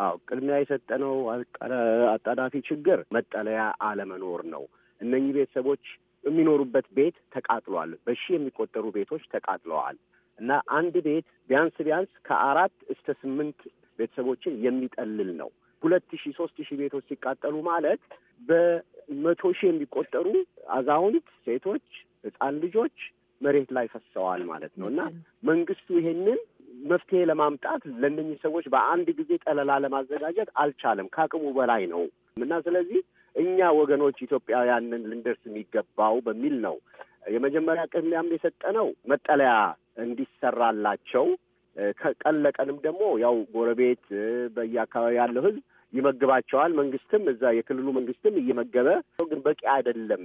አዎ ቅድሚያ የሰጠነው አጣዳፊ ችግር መጠለያ አለመኖር ነው። እነኚህ ቤተሰቦች የሚኖሩበት ቤት ተቃጥሏል። በሺ የሚቆጠሩ ቤቶች ተቃጥለዋል። እና አንድ ቤት ቢያንስ ቢያንስ ከአራት እስከ ስምንት ቤተሰቦችን የሚጠልል ነው። ሁለት ሺህ ሶስት ሺህ ቤቶች ሲቃጠሉ ማለት በመቶ ሺህ የሚቆጠሩ አዛውንት፣ ሴቶች፣ ህፃን ልጆች መሬት ላይ ፈሰዋል ማለት ነው እና መንግስቱ ይሄንን መፍትሄ ለማምጣት ለእነኚህ ሰዎች በአንድ ጊዜ ጠለላ ለማዘጋጀት አልቻለም። ከአቅሙ በላይ ነው እና ስለዚህ እኛ ወገኖች ኢትዮጵያውያንን ልንደርስ የሚገባው በሚል ነው የመጀመሪያ ቅድሚያም የሰጠነው መጠለያ እንዲሰራላቸው ከቀን ለቀንም ደግሞ ያው ጎረቤት በየአካባቢ ያለው ህዝብ ይመግባቸዋል። መንግስትም እዛ የክልሉ መንግስትም እየመገበ ግን በቂ አይደለም።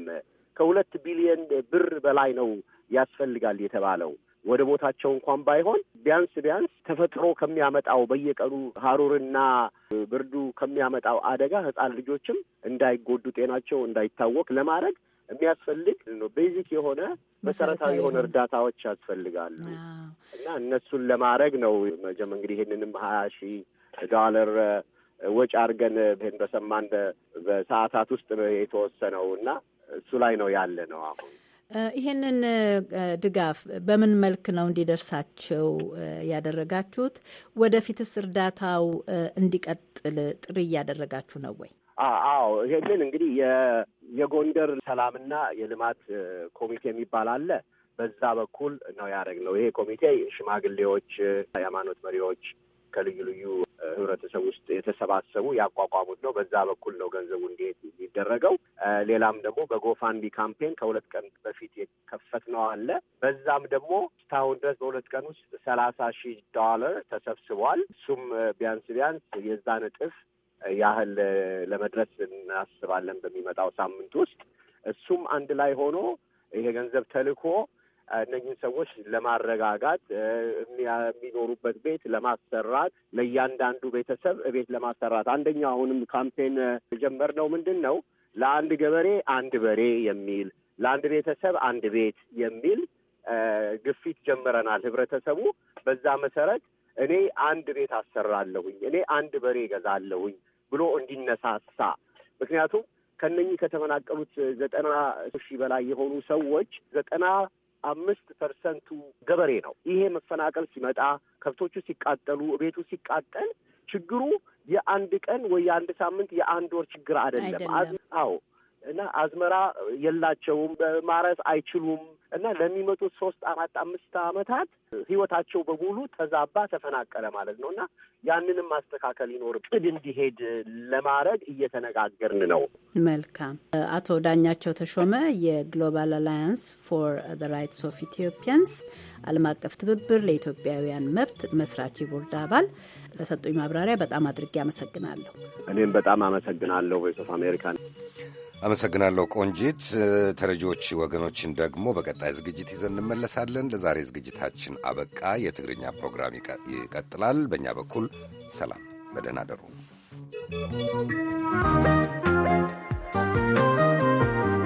ከሁለት ቢሊየን ብር በላይ ነው ያስፈልጋል የተባለው ወደ ቦታቸው እንኳን ባይሆን ቢያንስ ቢያንስ ተፈጥሮ ከሚያመጣው በየቀኑ ሀሩርና ብርዱ ከሚያመጣው አደጋ ህጻን ልጆችም እንዳይጎዱ ጤናቸው እንዳይታወቅ ለማድረግ የሚያስፈልግ ነው። ቤዚክ የሆነ መሰረታዊ የሆነ እርዳታዎች ያስፈልጋሉ እና እነሱን ለማድረግ ነው መጀመ እንግዲህ ይህንንም ሀያ ሺህ ዶላር ወጪ አድርገን ይህን በሰማን በሰዓታት ውስጥ የተወሰነው እና እሱ ላይ ነው ያለ ነው አሁን። ይህንን ድጋፍ በምን መልክ ነው እንዲደርሳቸው ያደረጋችሁት? ወደፊትስ እርዳታው እንዲቀጥል ጥሪ እያደረጋችሁ ነው ወይ? አዎ ይሄንን እንግዲህ የጎንደር ሰላምና የልማት ኮሚቴ የሚባል አለ። በዛ በኩል ነው ያደረግነው። ይሄ ኮሚቴ ሽማግሌዎች፣ ሃይማኖት መሪዎች ከልዩ ልዩ ህብረተሰብ ውስጥ የተሰባሰቡ ያቋቋሙት ነው። በዛ በኩል ነው ገንዘቡ እንዴት የሚደረገው። ሌላም ደግሞ በጎፋንዲ ካምፔን ከሁለት ቀን በፊት ነው አለ። በዛም ደግሞ እስካሁን ድረስ በሁለት ቀን ውስጥ ሰላሳ ሺህ ዶላር ተሰብስቧል። እሱም ቢያንስ ቢያንስ የዛን እጥፍ ያህል ለመድረስ እናስባለን በሚመጣው ሳምንት ውስጥ። እሱም አንድ ላይ ሆኖ ይሄ ገንዘብ ተልኮ እነኝህን ሰዎች ለማረጋጋት የሚኖሩበት ቤት ለማሰራት ለእያንዳንዱ ቤተሰብ ቤት ለማሰራት አንደኛው አሁንም ካምፔን የጀመርነው ምንድን ነው ለአንድ ገበሬ አንድ በሬ የሚል ለአንድ ቤተሰብ አንድ ቤት የሚል ግፊት ጀምረናል። ህብረተሰቡ በዛ መሰረት እኔ አንድ ቤት አሰራለሁኝ፣ እኔ አንድ በሬ እገዛለሁኝ፣ ብሎ እንዲነሳሳ ምክንያቱም ከነኚህ ከተፈናቀሉት ዘጠና ሺህ በላይ የሆኑ ሰዎች ዘጠና አምስት ፐርሰንቱ ገበሬ ነው። ይሄ መፈናቀል ሲመጣ ከብቶቹ ሲቃጠሉ፣ ቤቱ ሲቃጠል ችግሩ የአንድ ቀን ወይ የአንድ ሳምንት የአንድ ወር ችግር አይደለም። አዎ እና አዝመራ የላቸውም፣ ማረስ አይችሉም። እና ለሚመጡት ሶስት አራት አምስት አመታት ህይወታቸው በሙሉ ተዛባ፣ ተፈናቀለ ማለት ነው። እና ያንንም ማስተካከል ይኖር ቅድ እንዲሄድ ለማድረግ እየተነጋገርን ነው። መልካም። አቶ ዳኛቸው ተሾመ የግሎባል አላያንስ ፎር ዘ ራይትስ ኦፍ ኢትዮጵያንስ ዓለም አቀፍ ትብብር ለኢትዮጵያውያን መብት መስራች ቦርድ አባል ለሰጡኝ ማብራሪያ በጣም አድርጌ አመሰግናለሁ። እኔም በጣም አመሰግናለሁ። ቮይስ ኦፍ አሜሪካ አመሰግናለሁ ቆንጂት። ተረጂዎች ወገኖችን ደግሞ በቀጣይ ዝግጅት ይዘን እንመለሳለን። ለዛሬ ዝግጅታችን አበቃ። የትግርኛ ፕሮግራም ይቀጥላል። በእኛ በኩል ሰላም፣ በደህና አደሩ።